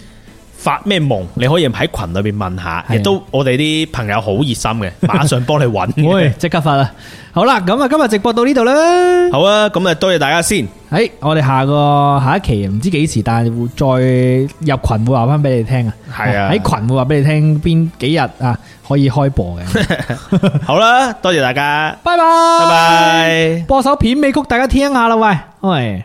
發咩夢？你可以喺群裏邊問下，亦都我哋啲朋友好熱心嘅，馬上幫你揾。喂，即刻發啦！好啦，咁啊，今日直播到呢度啦。好啊，咁啊，多謝大家先。誒，我哋下個下一期唔知幾時，但係會再入群會話翻俾你聽啊。係啊，喺群會話俾你聽邊幾日啊可以開播嘅。好啦，多謝大家，拜拜拜拜。播首片尾曲，大家聽下啦喂。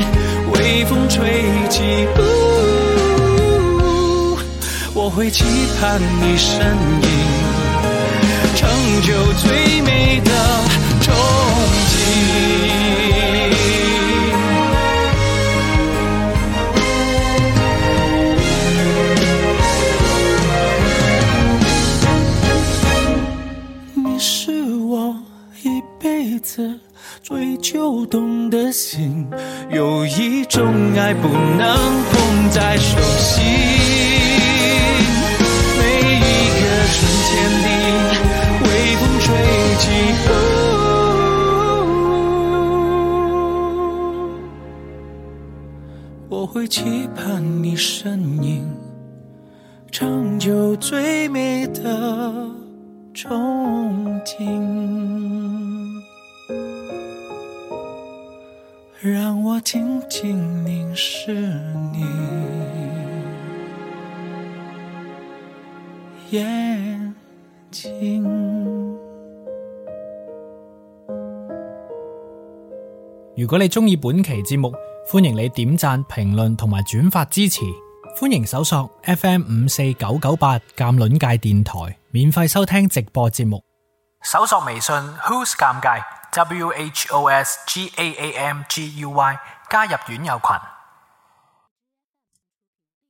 我會期盼你身影，成就最美的憧憬。 你是我一輩子最揪動的心，有一種愛不。如果你鍾意本期節目，歡迎你點贊、評論同埋轉發支持。歡迎搜索 FM 五四九九八《尷尬界電台》，免費收聽直播節目。搜索微信 Who's 尷尬 W H O S G A A M G U Y，加入院友群。